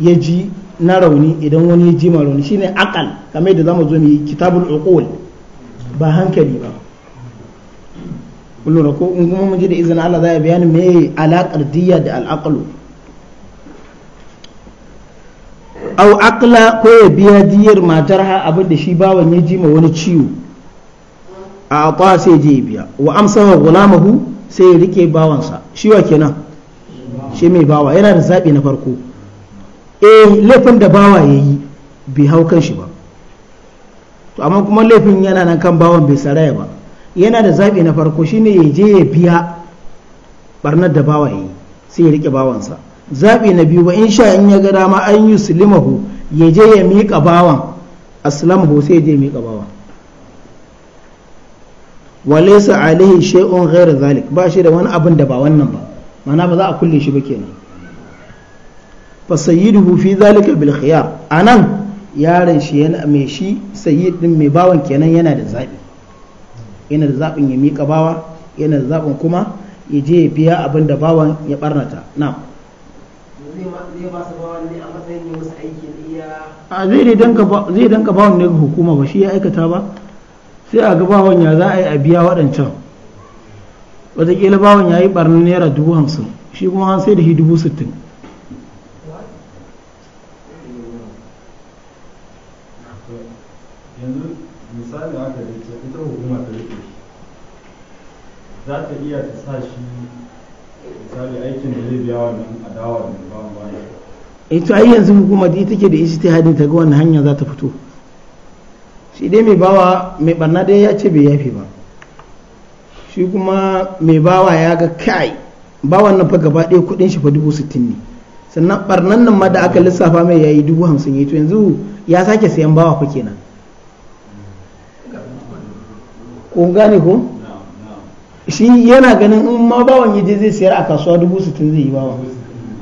ya ji na rauni idan wani ya ji ma rauni shine aqal kamar da zamu zo mu yi kitabul uqul ba hankali ba kullum ko in kuma mun ji da izinin Allah za a bayanin me alaƙar diyya da al'aqlu au akla ko ya biya diyar matar ha abin da shi bawan ya ji ma wani ciwo a ta sai je biya wa amsa wa gulamahu sai ya rike bawansa shi wa kenan shi mai bawa yana da zaɓi na farko eh laifin da bawa ya yi bai hau kan shi ba to amma kuma laifin yana nan kan bawan bai saraya ba yana da zaɓi na farko shine ya je ya biya barnar da bawa ya yi sai ya rike bawansa zaɓi na biyu ba in sha in ya ga dama an yi sulimahu ya je ya miƙa bawan aslamahu sai ya je miƙa bawan Wale su alaihi shay'un ghairu zalik ba shi da wani abin da ba wannan ba mana ba za a kulle shi ba kenan fa sayyiduhu fi zalika bil khiyar anan yaron shi yana mai shi sayyid din mai bawan kenan yana da zaɓi yana da zaɓin ya miƙa bawa yana da zaɓin kuma ya je ya biya abin da bawan ya ɓarnata. na'am a zai danka bawon ne ga hukuma ba shi ya aikata ba sai a ga bawon ya za a yi a biya waɗancan wataƙila bawon ya yi ɓarnar naira dubu hamsin shi kuma an sai da shi dubu sittin yanzu misali da ta za ta iya ta sa shi ita eh, ai yanzu hukuma da ita ke da ijtihadin ta ga wannan hanya za ta fito shi dai mai bawa mai barna ɗaya ya ce bai yafe ba shi kuma mai bawa ya ga kai bawan nan fa gaba ɗaya kuɗin shi fa dubu sittin ne sannan barnan nan ma da aka lissafa mai yayi dubu hamsin eh, to yanzu ya sake sayan bawa fa kenan ko gane ko shi yana ganin in ma bawan ya je zai sayar a kasuwa dubu sittin zai yi bawan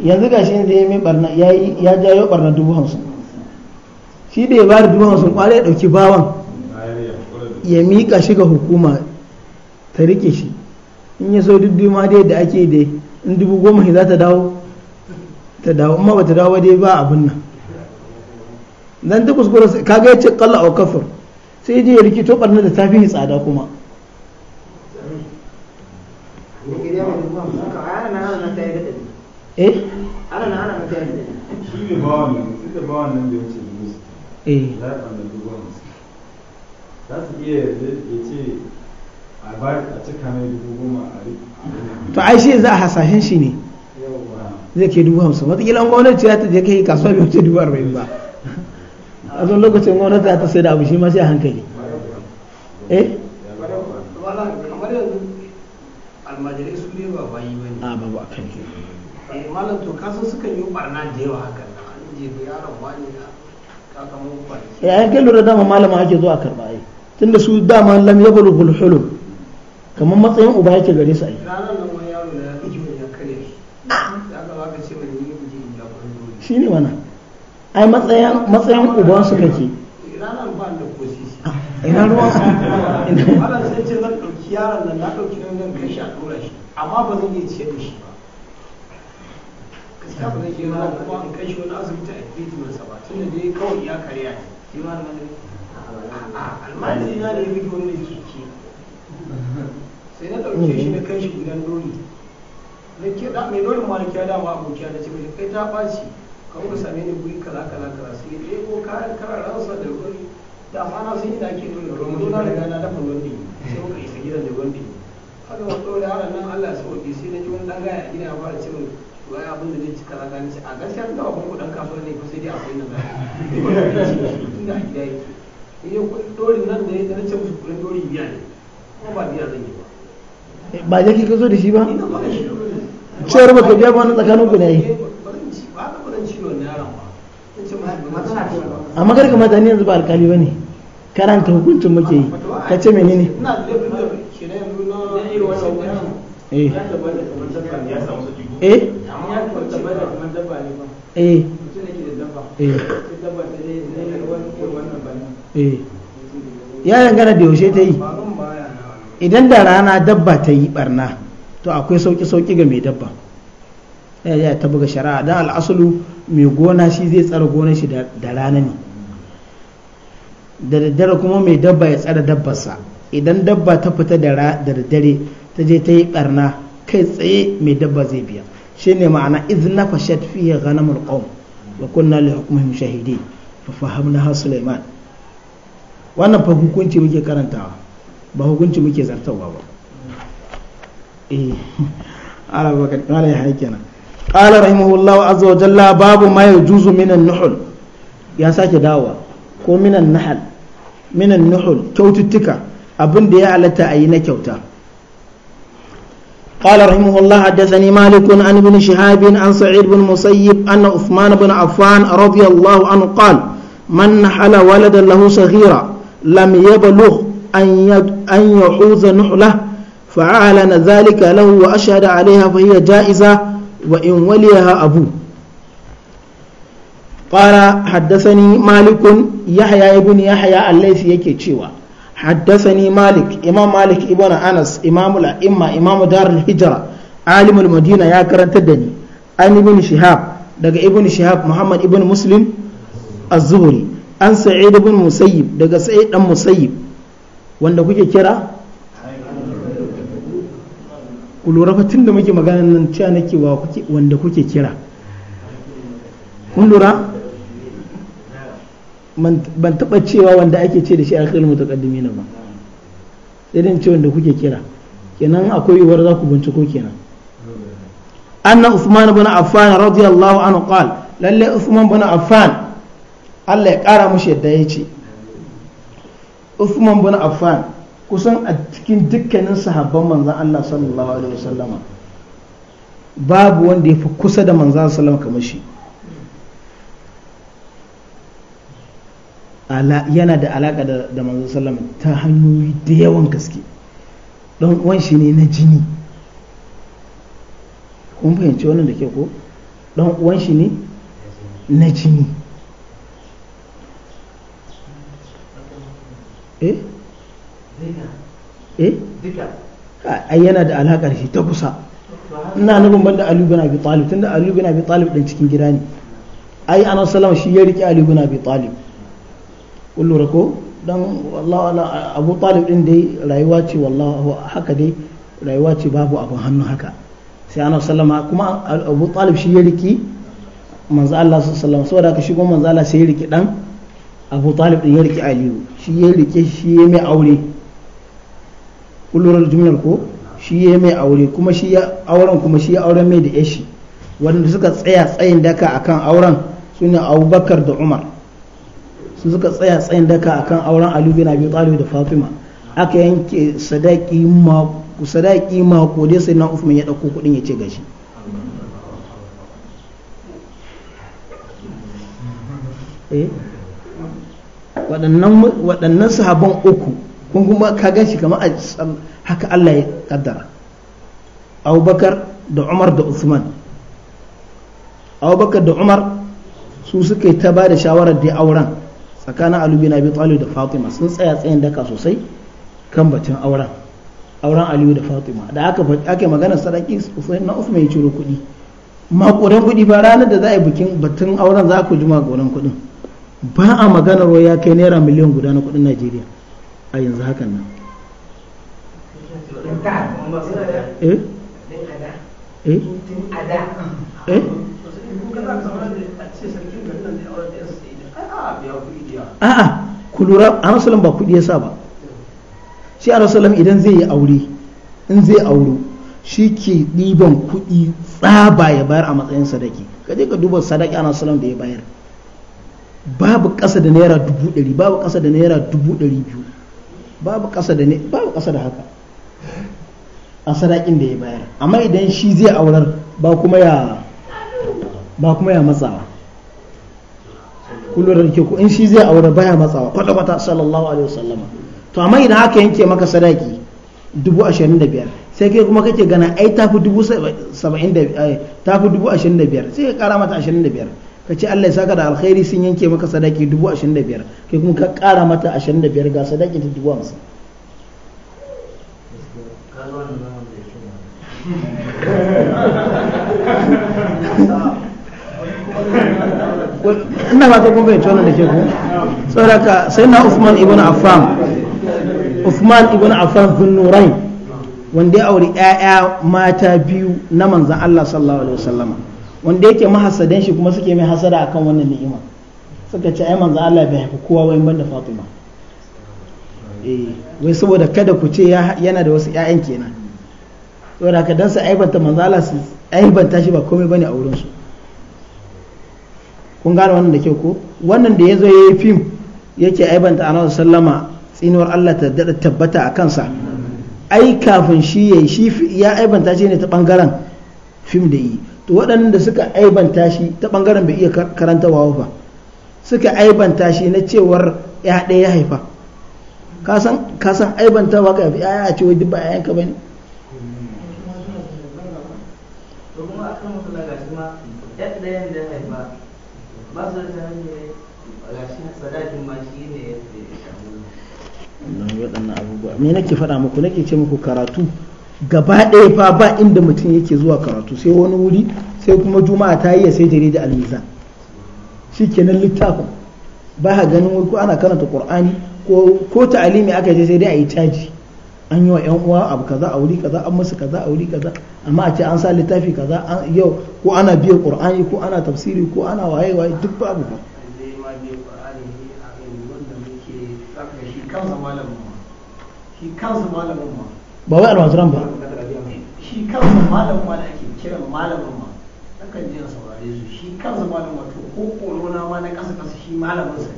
yanzu ga shi da ya mai barna ya jayo barna dubu hamsin shi da ya bada dubu hamsin kwale ya ɗauki bawan ya miƙa shi ga hukuma ta rike shi in ya so duk ma dai da ake dai in dubu goma za ta dawo ta dawo amma ba ta dawo dai ba abin nan dan ta kuskura kaga ya ce kalla au kafir sai je ya rikito barna da tafi tsada kuma eh ana na ana shi ne bawan nan da bawan nan da ya ce eh za a da dubu za su iya yarda ya ce a ba a cika mai dubu to ai shi za a hasashen shi ne zai ke dubu hamsin wataƙila gwamnati ce ta je kai kasuwa bai wuce dubu arba'in ba a zon lokacin gwamnati ta sai da abu shi ma sai hankali eh kamar ba bayi ba ne a ba ba kai malam to kasan suka yi barna da yawa haka je yaron wani kwanci ya yanke lura dama malama ake zuwa karba. ai tunda su dama lam bul hulum kamar matsayin uba yake gare su ai nan wani yaro ya fi kiwon ya kare shi ya ga ka ce yi in shi ne mana ai matsayin matsayin uba su kake ranan ba da kosi ah, ina ruwa sai ce zan yaron nan na nan shi a shi amma ba zan iya ce da shi ba zan ke mana kuma in kai shi wani asibiti a treatment sa ba tunda hmm. dai kawai ya karya ne shi ma da malami almajiri na da ya bi wani keke sai na ɗauke shi na kai shi gidan doli mai dole ma na kya dama abokiya da ce mai kai ta ɓaci kan ku same ni guri kala kala kala sai dai ko kayan kararansa da wani. da mana sun yi da ake dole romo na riga na dafa wanda sai kuka isa gidan da wanda haka wani dole haran nan allah ya sauke sai na ji wani ɗan gaya a gida ya fara ce da zai a ba kuma ne a sayi na gida da ya ba biya ba ba shi ba biya ba na tsakanin ku ne yi amma karka mata ni yanzu ba alkali ba ne karanta hukuncin muke yi ka ce mene eh. ne eh Eh. Eh. eh ya dangana da yaushe ta yi idan da rana dabba ta yi barna to akwai sauki-sauki ga mai dabba ya ta buga shari'a don al'asulu mai gona shi zai tsara gona shi da rana ne da daddare kuma mai dabba ya tsara dabbarsa idan dabba ta fita da daddare ta je ta yi barna kai tsaye mai dabba zai biya shine ma'ana idh nafashat fihi ghanamul qawm wa kunna li hukmihim shahidin fa ha sulaiman wannan fa hukunci muke karantawa ba hukunci muke zartarwa ba eh ala baka kala ya haike nan qala rahimahullahu azza wa jalla babu ma yajuzu minan nuhul ya sake dawa ko minan nahal minan nuhul kyaututtuka abin da ya alata a na kyauta قال رحمه الله حدثني مالك عن ابن شهاب عن سعيد بن مسيب أن عثمان بن عفان رضي الله عنه قال من نحل ولدا له صغيرا لم يبلغ أن يحوز نحله فأعلن ذلك له وأشهد عليها فهي جائزة وإن وليها أبوه قال حدثني مالك يحيى ابن يحيى الليثي يكي حدثني مالك امام مالك ابن انس امام الائمه امام دار الهجره عالم المدينه يا كرنت الدني عن ابن شهاب دغ ابن شهاب محمد ابن مسلم الزهري عن سعيد بن مسيب دغ سعيد بن مسيب وند كوكي kira ku lura fa tun da muke magana nan cewa nake wa kuke wanda kuke kira kun lura ban taɓa cewa wanda ake ce da shi a ta mutakaddimi na ba sai dai ce wanda kuke kira kenan akwai yiwuwar za ku binciko kenan anna usman bin affan radiyallahu anhu qal lalle usman bin affan Allah ya kara mushi yadda ya ce usman bin affan kusan a cikin dukkanin sahabban manzan Allah sallallahu alaihi wasallama babu wanda ya fi kusa da manzan sallallahu kamar shi yana da alaka da, manzo sallam ta hanyoyi da yawan gaske don uwan shi ne na jini kun fahimci wannan da ke ko don uwan shi ne na jini eh eh ai yana da alakar shi ta kusa ina nufin banda Ali bin Abi Talib tunda Ali bin Abi Talib din cikin gida ne ai anan sallam shi ya rike Ali bin Abi Talib kun lura ko don wallahu abu talib din dai rayuwa ce wallahu haka dai rayuwa ce babu abin hannu haka sai ana sallama kuma abu talib shi ya riki manzo Allah sallallahu saboda haka shi kuma manzo Allah sai ya riki dan abu talib din ya riki aliyu shi ya riki shi ya mai aure kun lura jumlar ko shi ya mai aure kuma shi ya auren kuma shi ya auren mai da yashi wanda suka tsaya tsayin daka akan auren sune Abubakar da Umar su suka tsaya tsayin daka akan auren Ali bin Abi Talib da Fatima aka yanke sadaki ma sadaki ma ko dai sai na Uthman ya dauko kudin ya ce gashi eh waɗannan waɗannan sahabban uku kun kuma ka gashi kamar haka Allah ya kaddara Abubakar da Umar da Uthman Abubakar da Umar su suka yi ta ba da shawarar da auren tsakanin alubi na bi Talib da Fatima sun tsaya tsayin daka sosai kan batun auren auren Aliyu da Fatima da aka ake magana sadaki Usain na Usman ya ciro kuɗi makoran kuɗi ba ranar da za a yi bikin batun auren za ku ji makoran kuɗin ba a maganar wai ya kai naira miliyan guda na kuɗin Najeriya a yanzu hakan nan eh eh eh a'a ku lura rasulun ba kuɗi ya sa ba shi rasulun idan zai yi aure in zai auro shi ke ɗiban kuɗi tsaba ya bayar a matsayin sadaki ka je ka duba sadaki rasulun da ya bayar babu ƙasa da naira dubu ɗari babu ƙasa da naira dubu ɗari biyu babu ƙasa da haka a sadakin da ya bayar amma idan shi zai aurar ba kuma ya ba kuma ya matsawa kullum da ke ku in shi zai aure baya matsawa kwata kwata sallallahu alaihi wasallama to amma idan haka yanke maka sadaki dubu ashirin da biyar sai kai kuma kake gana ai tafi dubu saba'in da tafi dubu ashirin da biyar sai ka kara mata ashirin da biyar ka ce Allah ya saka da alkhairi sun yanke maka sadaki dubu ashirin da biyar kai kuma ka kara mata ashirin da biyar ga sadaki ta dubu hamsin ina ba ta kuma wannan da ke ku saboda sai na Uthman ibn Affan Uthman ibn Affan zunnurain wanda ya auri ƴaƴa mata biyu na manzan Allah sallallahu alaihi wasallama wanda yake mahasadan shi kuma suke mai hasada akan wannan ni'ima suka ce ai manzan Allah bai haifi kowa wai banda Fatima eh wai saboda kada ku ce yana da wasu ƴaƴan kenan saboda ka dan su aibanta manzan Allah su aibanta shi ba komai bane a wurin su kun gane wannan da ke ko wannan da ya zo ya yi fim yake aibanta a sallama tsinuwar Allah ta daɗa tabbata a kansa ai kafin shi ya shi ya aibanta shi ne ta ɓangaren fim da yi to waɗanda suka aibanta shi ta ɓangaren bai iya karanta wawo ba suka aibanta shi na cewar ya ɗaya ya haifa kasan kasan aibanta wa ka ya a ce duk ba yayanka bane kuma shi waɗannan abubuwa me nake faɗa muku nake ce muku karatu gaba ɗaya fa ba inda mutum yake zuwa karatu sai wani wuri sai kuma juma'a ta yi ya sai jarida almizan shi kenan littafin ba ha ganin wani ko ana karanta qur'ani ko ko ta'alimi aka je sai dai a yi caji an yi wa yan uwa abu kaza a wuri kaza an musu kaza a wuri kaza amma a ce an sa littafi kaza yau ko ana biyan qur'ani ko ana tafsiri ko ana waye waye duk babu ba ba wai almajiran ba shi kansa malamin ma da ake kiran malamin ma nakan jin saurare su shi kansa malamin ma to ko korona ma na kasa kasa shi malamin sa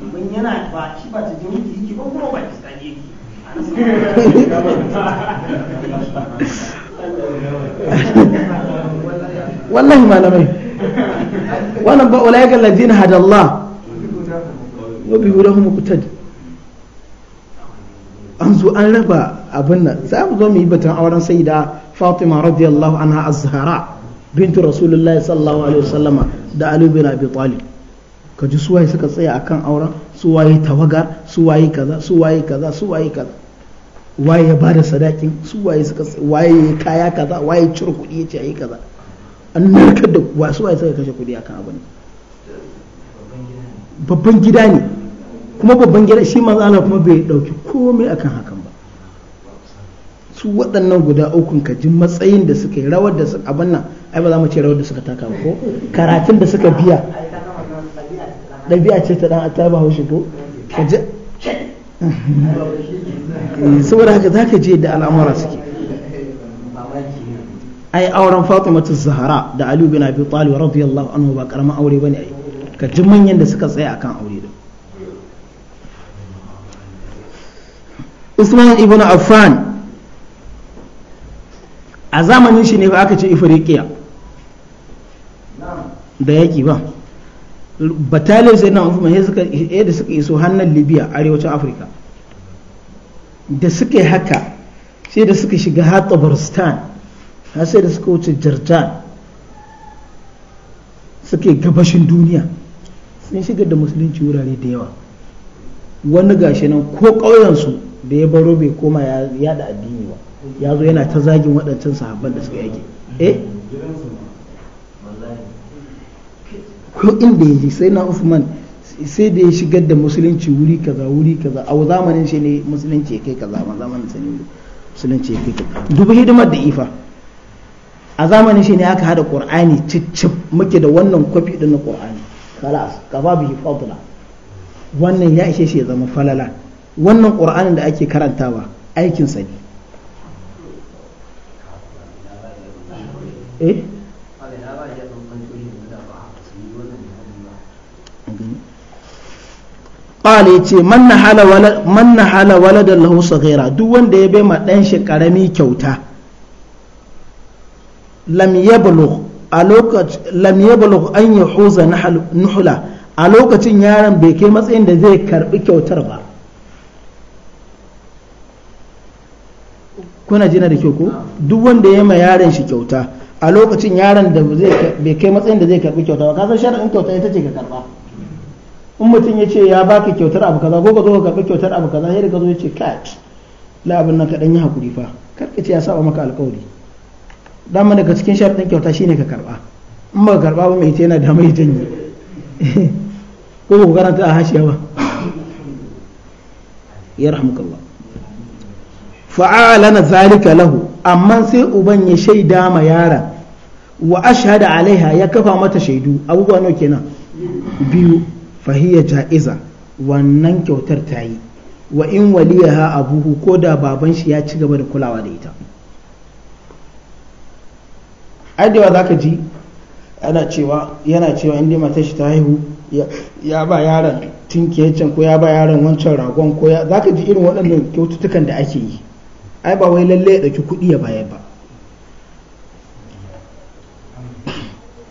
domin yana ba shi ba ta jami'i yake ba kuma ba ta yake wallahi malamai wannan ba ulaika alladhina hada Allah wa bi hudahum an zo an raba abin nan za mu zo mu yi batun auren sai da Fatima radiyallahu anha az-Zahra bintu Rasulullahi sallallahu alaihi wasallama da Ali bin Abi Talib ka ji suwaye suka tsaya akan auren su waye tawaga su waye kaza su waye kaza su waye kaza waye ya bada sadakin su waye suka waye ya kaya kaza waye cire kuɗi ya ce ayi kaza an narkar da kuwa su waye suka kashe kuɗi akan abu ne babban gida ne kuma babban gida shi manzo Allah kuma bai dauki komai akan hakan ba su waɗannan guda ukun ka ji matsayin da suka yi rawar da suka abin nan ai ba za mu ce rawar da suka taka ba ko karatun da suka biya ɗabi'a ce ta ɗan ataba haushi ko ji eh, saboda haka za ka je da al'amura suke ai auren fatimatu zahara da Aliyu bin abi talib radiyallahu anhu ba karamin aure bane ai ka ji manyan da suka tsaya akan aure da usman ibn affan a zamanin shi ne ba aka ce ifriqiya da yaki ba batalin sai na suka iya eh, da suka iso hannun libya arewacin afirka da suka haka sai da suka shiga hatabarstan har sai da suka wuce jarjan suke gabashin duniya sun shigar da musulunci wurare da yawa wani gashi nan ko ƙauyensu da ya baro bai koma ya da addini ba ya zo yana ta zagin waɗancan sahabban da suka yake eh ko inda ya ji sai na Uthman sai da ya shigar da musulunci wuri kaza wuri kaza a zamanin shi ne musulunci ya kai kaza a zamanin sa ne musulunci ya kai kaza duba hidimar da ifa a zamanin shi ne aka hada qur'ani ciccip muke da wannan kwafi din na qur'ani khalas kafa bihi fadla wannan ya ishe shi ya zama falala wannan qur'anin da ake karantawa aikin sa ne eh qala yace man hala wala man nahala waladan duk wanda ya bai ma dan shi karami kyauta lam yablugh a an lam yablugh nuhula a lokacin yaron bai kai matsayin da zai karbi kyautar ba kuna jina da kyau ko duk wanda ya ma yaron shi kyauta a lokacin yaron da bai kai matsayin da zai karbi kyauta ba ka san sharadin kyauta ita ce ka karba in mutum ya ce ya baka kyautar abu kaza ko ka zo ka karɓi kyautar abu kaza sai ka zo ya ce kat la abin nan ka dan yi hakuri fa kar ka ce ya saba maka alƙawari dama daga cikin sharɗin kyauta shine ka karɓa in ba ka karɓa ba mai ita yana da mai janye ko ku karanta a hashiya ba ya fa'ala na zalika lahu amma sai uban ya shaida ma yaran wa ashhada alaiha ya kafa mata shaidu abubuwa nawa kenan biyu fahiya ja'iza wannan kyautar ta yi wa in waliyaha abuhu ko da baban shi ya ci gaba da kulawa da ita aidewa za ka ji yana cewa inda matar shi ta haihu ya ba yaron tinkiyancin ko ya ba yaron wancan ragon ko ya za ka ji irin waɗannan kyaututtukan da ake yi ai ba wai lalle ya ɗauki kuɗi ya baya ba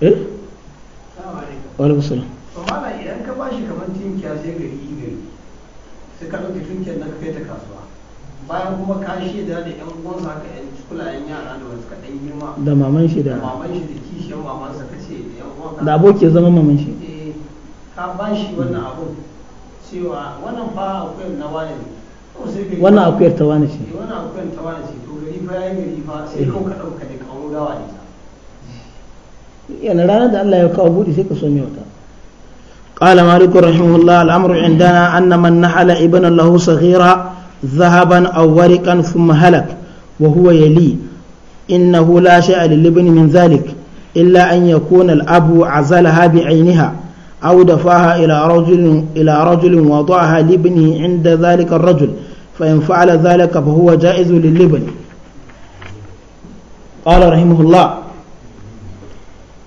eh ba shi kamar tinkiya sai gari gari su kaɗa da tinkiyar na kai ta kasuwa bayan kuma ka shaida da yan uwansa haka yan kulayen yara da wasu kaɗan girma da maman shi da maman shi da kishiyar mamansa ka ce da yan sa. da aboki zama maman shi eh, ka ba shi wannan abun cewa wannan fa akwai na wani ne wannan akwai ta wani ce eh, wannan akwai ta wani ce to gari fa yayi gari fa sai ko ka ɗauka ne kawo gawa ne yana ranar da Allah ya kawo buɗe sai ka so mai wata قال مالك رحمه الله الأمر عندنا أن من نحل ابنا له صغيرا ذهبا أو ورقا ثم هلك وهو يلي إنه لا شيء للابن من ذلك إلا أن يكون الأب عزلها بعينها أو دفعها إلى رجل إلى رجل وضعها لابنه عند ذلك الرجل فإن فعل ذلك فهو جائز للابن قال رحمه الله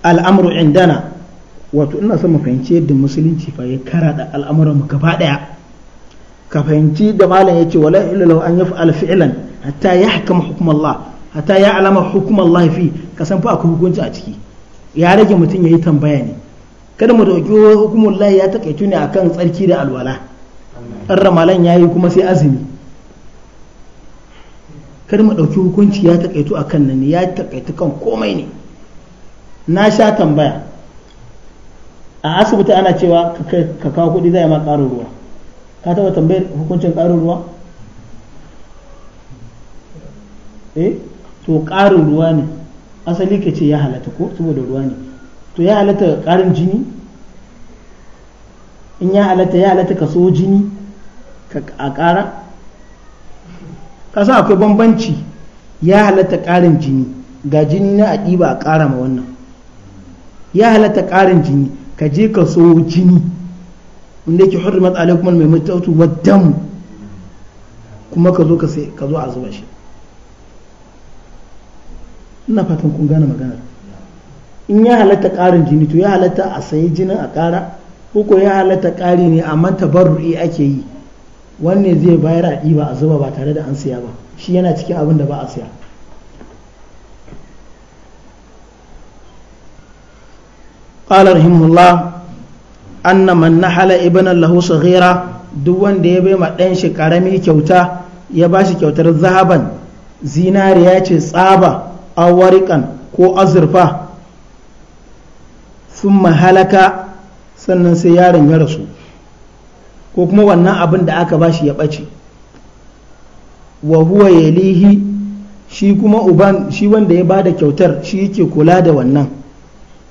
الأمر عندنا wato ina son mu fahimci yadda musulunci fa ya karada al'amuran mu gaba daya ka fahimci da malam yace wala illa an yaf'al fi'lan hatta yahkam hukm hatta ya alama hukm Allah fi ka san fa akwai hukunci a ciki ya rage mutum yayi tambaya ne kada mu dauki hukumun Allah ya takaitu ne akan tsarki da alwala an ramalan yayi kuma sai azumi kada mu dauki hukunci ya takaitu akan nan ya takaitu kan komai ne na sha tambaya a asibiti ana cewa ka kawo kuɗi zai ma ƙarin ruwa ka taɓa tambayar hukuncin ƙarin ruwa eh to ƙarin ruwa ne asali ka ce ya halatta ko saboda ruwa ne to ya halatta ƙarin jini in ya halatta ya halatta ka so jini a ƙara ka sa akwai bambanci ya halatta ƙarin jini ga jini na a ɗiba a ƙara ma wannan ya halatta ƙarin jini ka je ka so jini wanda yake hurmat alaikum mai mutautu wa dam kuma ka zo ka sai ka zo a zuba shi ina fatan kun gane magana in ya halatta ƙarin jini to ya halatta a sayi jinin a ƙara ko ya halatta kari ne amma tabarru'i ake yi wanne zai bayar a ɗiba a zuba ba tare da an siya ba shi yana cikin abin da ba a siya قال رحمه الله أن من نحل ابن له صغيرة دون ديبي ما دنش كرمي كوتا يباشي كوتر ذهبا زيناريا صابة أو ورقا كو أزرفا ثم هلك سنن sai yaron ya rasu ko kuma wannan abin da aka bashi ya ɓace wa huwa yalihi shi kuma uban shi wanda ya bada kyautar shi yake kula da wannan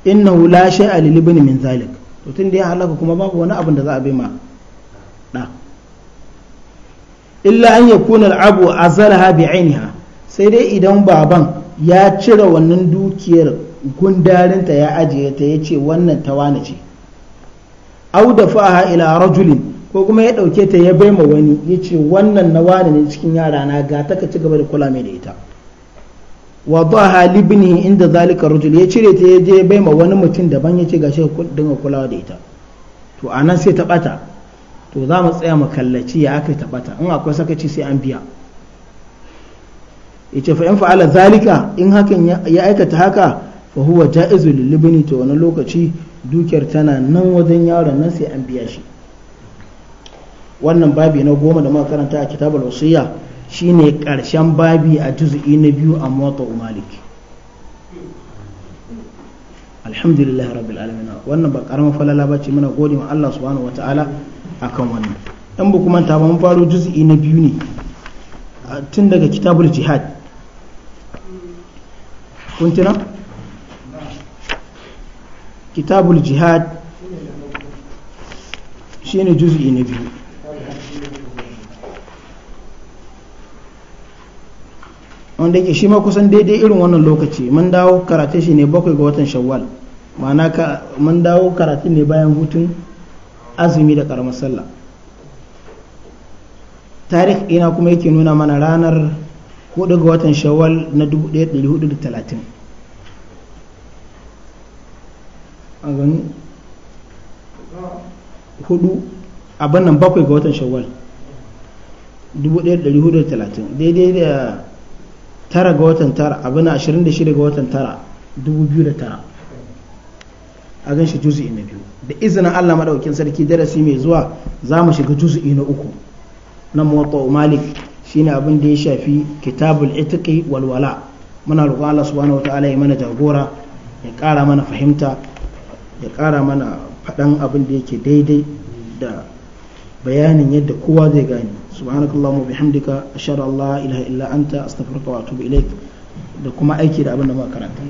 innahu la shay'a lil ibn min zalik to tun da ya halaka kuma babu wani abin da za a bai ma da illa an yakuna al-abu azalaha bi ainiha sai dai idan baban ya cire wannan dukiyar gundarinta ya ajiye ta ya ce wannan wani ce au da fa'a ila rajulin ko kuma ya ɗauke ta ya bai ma wani yace wannan na wani ne cikin yara na ga ta ka ci gaba da kula mai da ita wa hali libnihi inda zalika rajul ya cire ta ya bai ma wani mutum daban yace gashi ku dinga kulawa da ita to anan sai ta bata to za mu tsaya mu kallaci ya aka ta bata in akwai sakaci sai an biya yace fa in fa'ala zalika in hakan ya aikata haka fa huwa ja'izul libni to wani lokaci dukiyar tana nan wajen yaron nan sai an biya shi wannan babi na goma da muka karanta a kitabul wasiyya shine ƙarshen babi a juz'i na biyu a mota malik alhamdulillah rabbil alamin wannan ba karamar falala ba ce mana gode ma Allah subhanahu wataala akan wannan dan ba kuma ta ba mun faro juz'i na biyu ne tun daga kitabul jihad kun tuna kitabul jihad shine juz'i na biyu wanda yake shi ma kusan daidai irin wannan lokaci mun dawo karatu shi ne bakwai ga watan shawwal ma'ana ka mun dawo karatu ne bayan hutun azumi da karamar sallah tarihi ina kuma yake nuna mana ranar hudu ga watan shawwal na 1430 a hudu abin nan bakwai ga watan shawwal 1430 daidai da tara ga watan tara abin 26 ga watan tara 2009 a gan shi juzu'i na biyu da izinin Allah maɗaukin sarki darasi mai zuwa za mu shiga juzu'i na uku na muwatta malik shine abin da ya shafi kitabul itiqi walwala muna roƙon Allah subhanahu wataala ya mana jagora ya ƙara mana fahimta ya ƙara mana faɗan abin da yake daidai da bayanin yadda kowa zai gane subhanakallahumma bihamdika ashhadu an la ilaha illa anta astaghfiruka wa atubu ilaik da kuma aiki da abin da muka karanta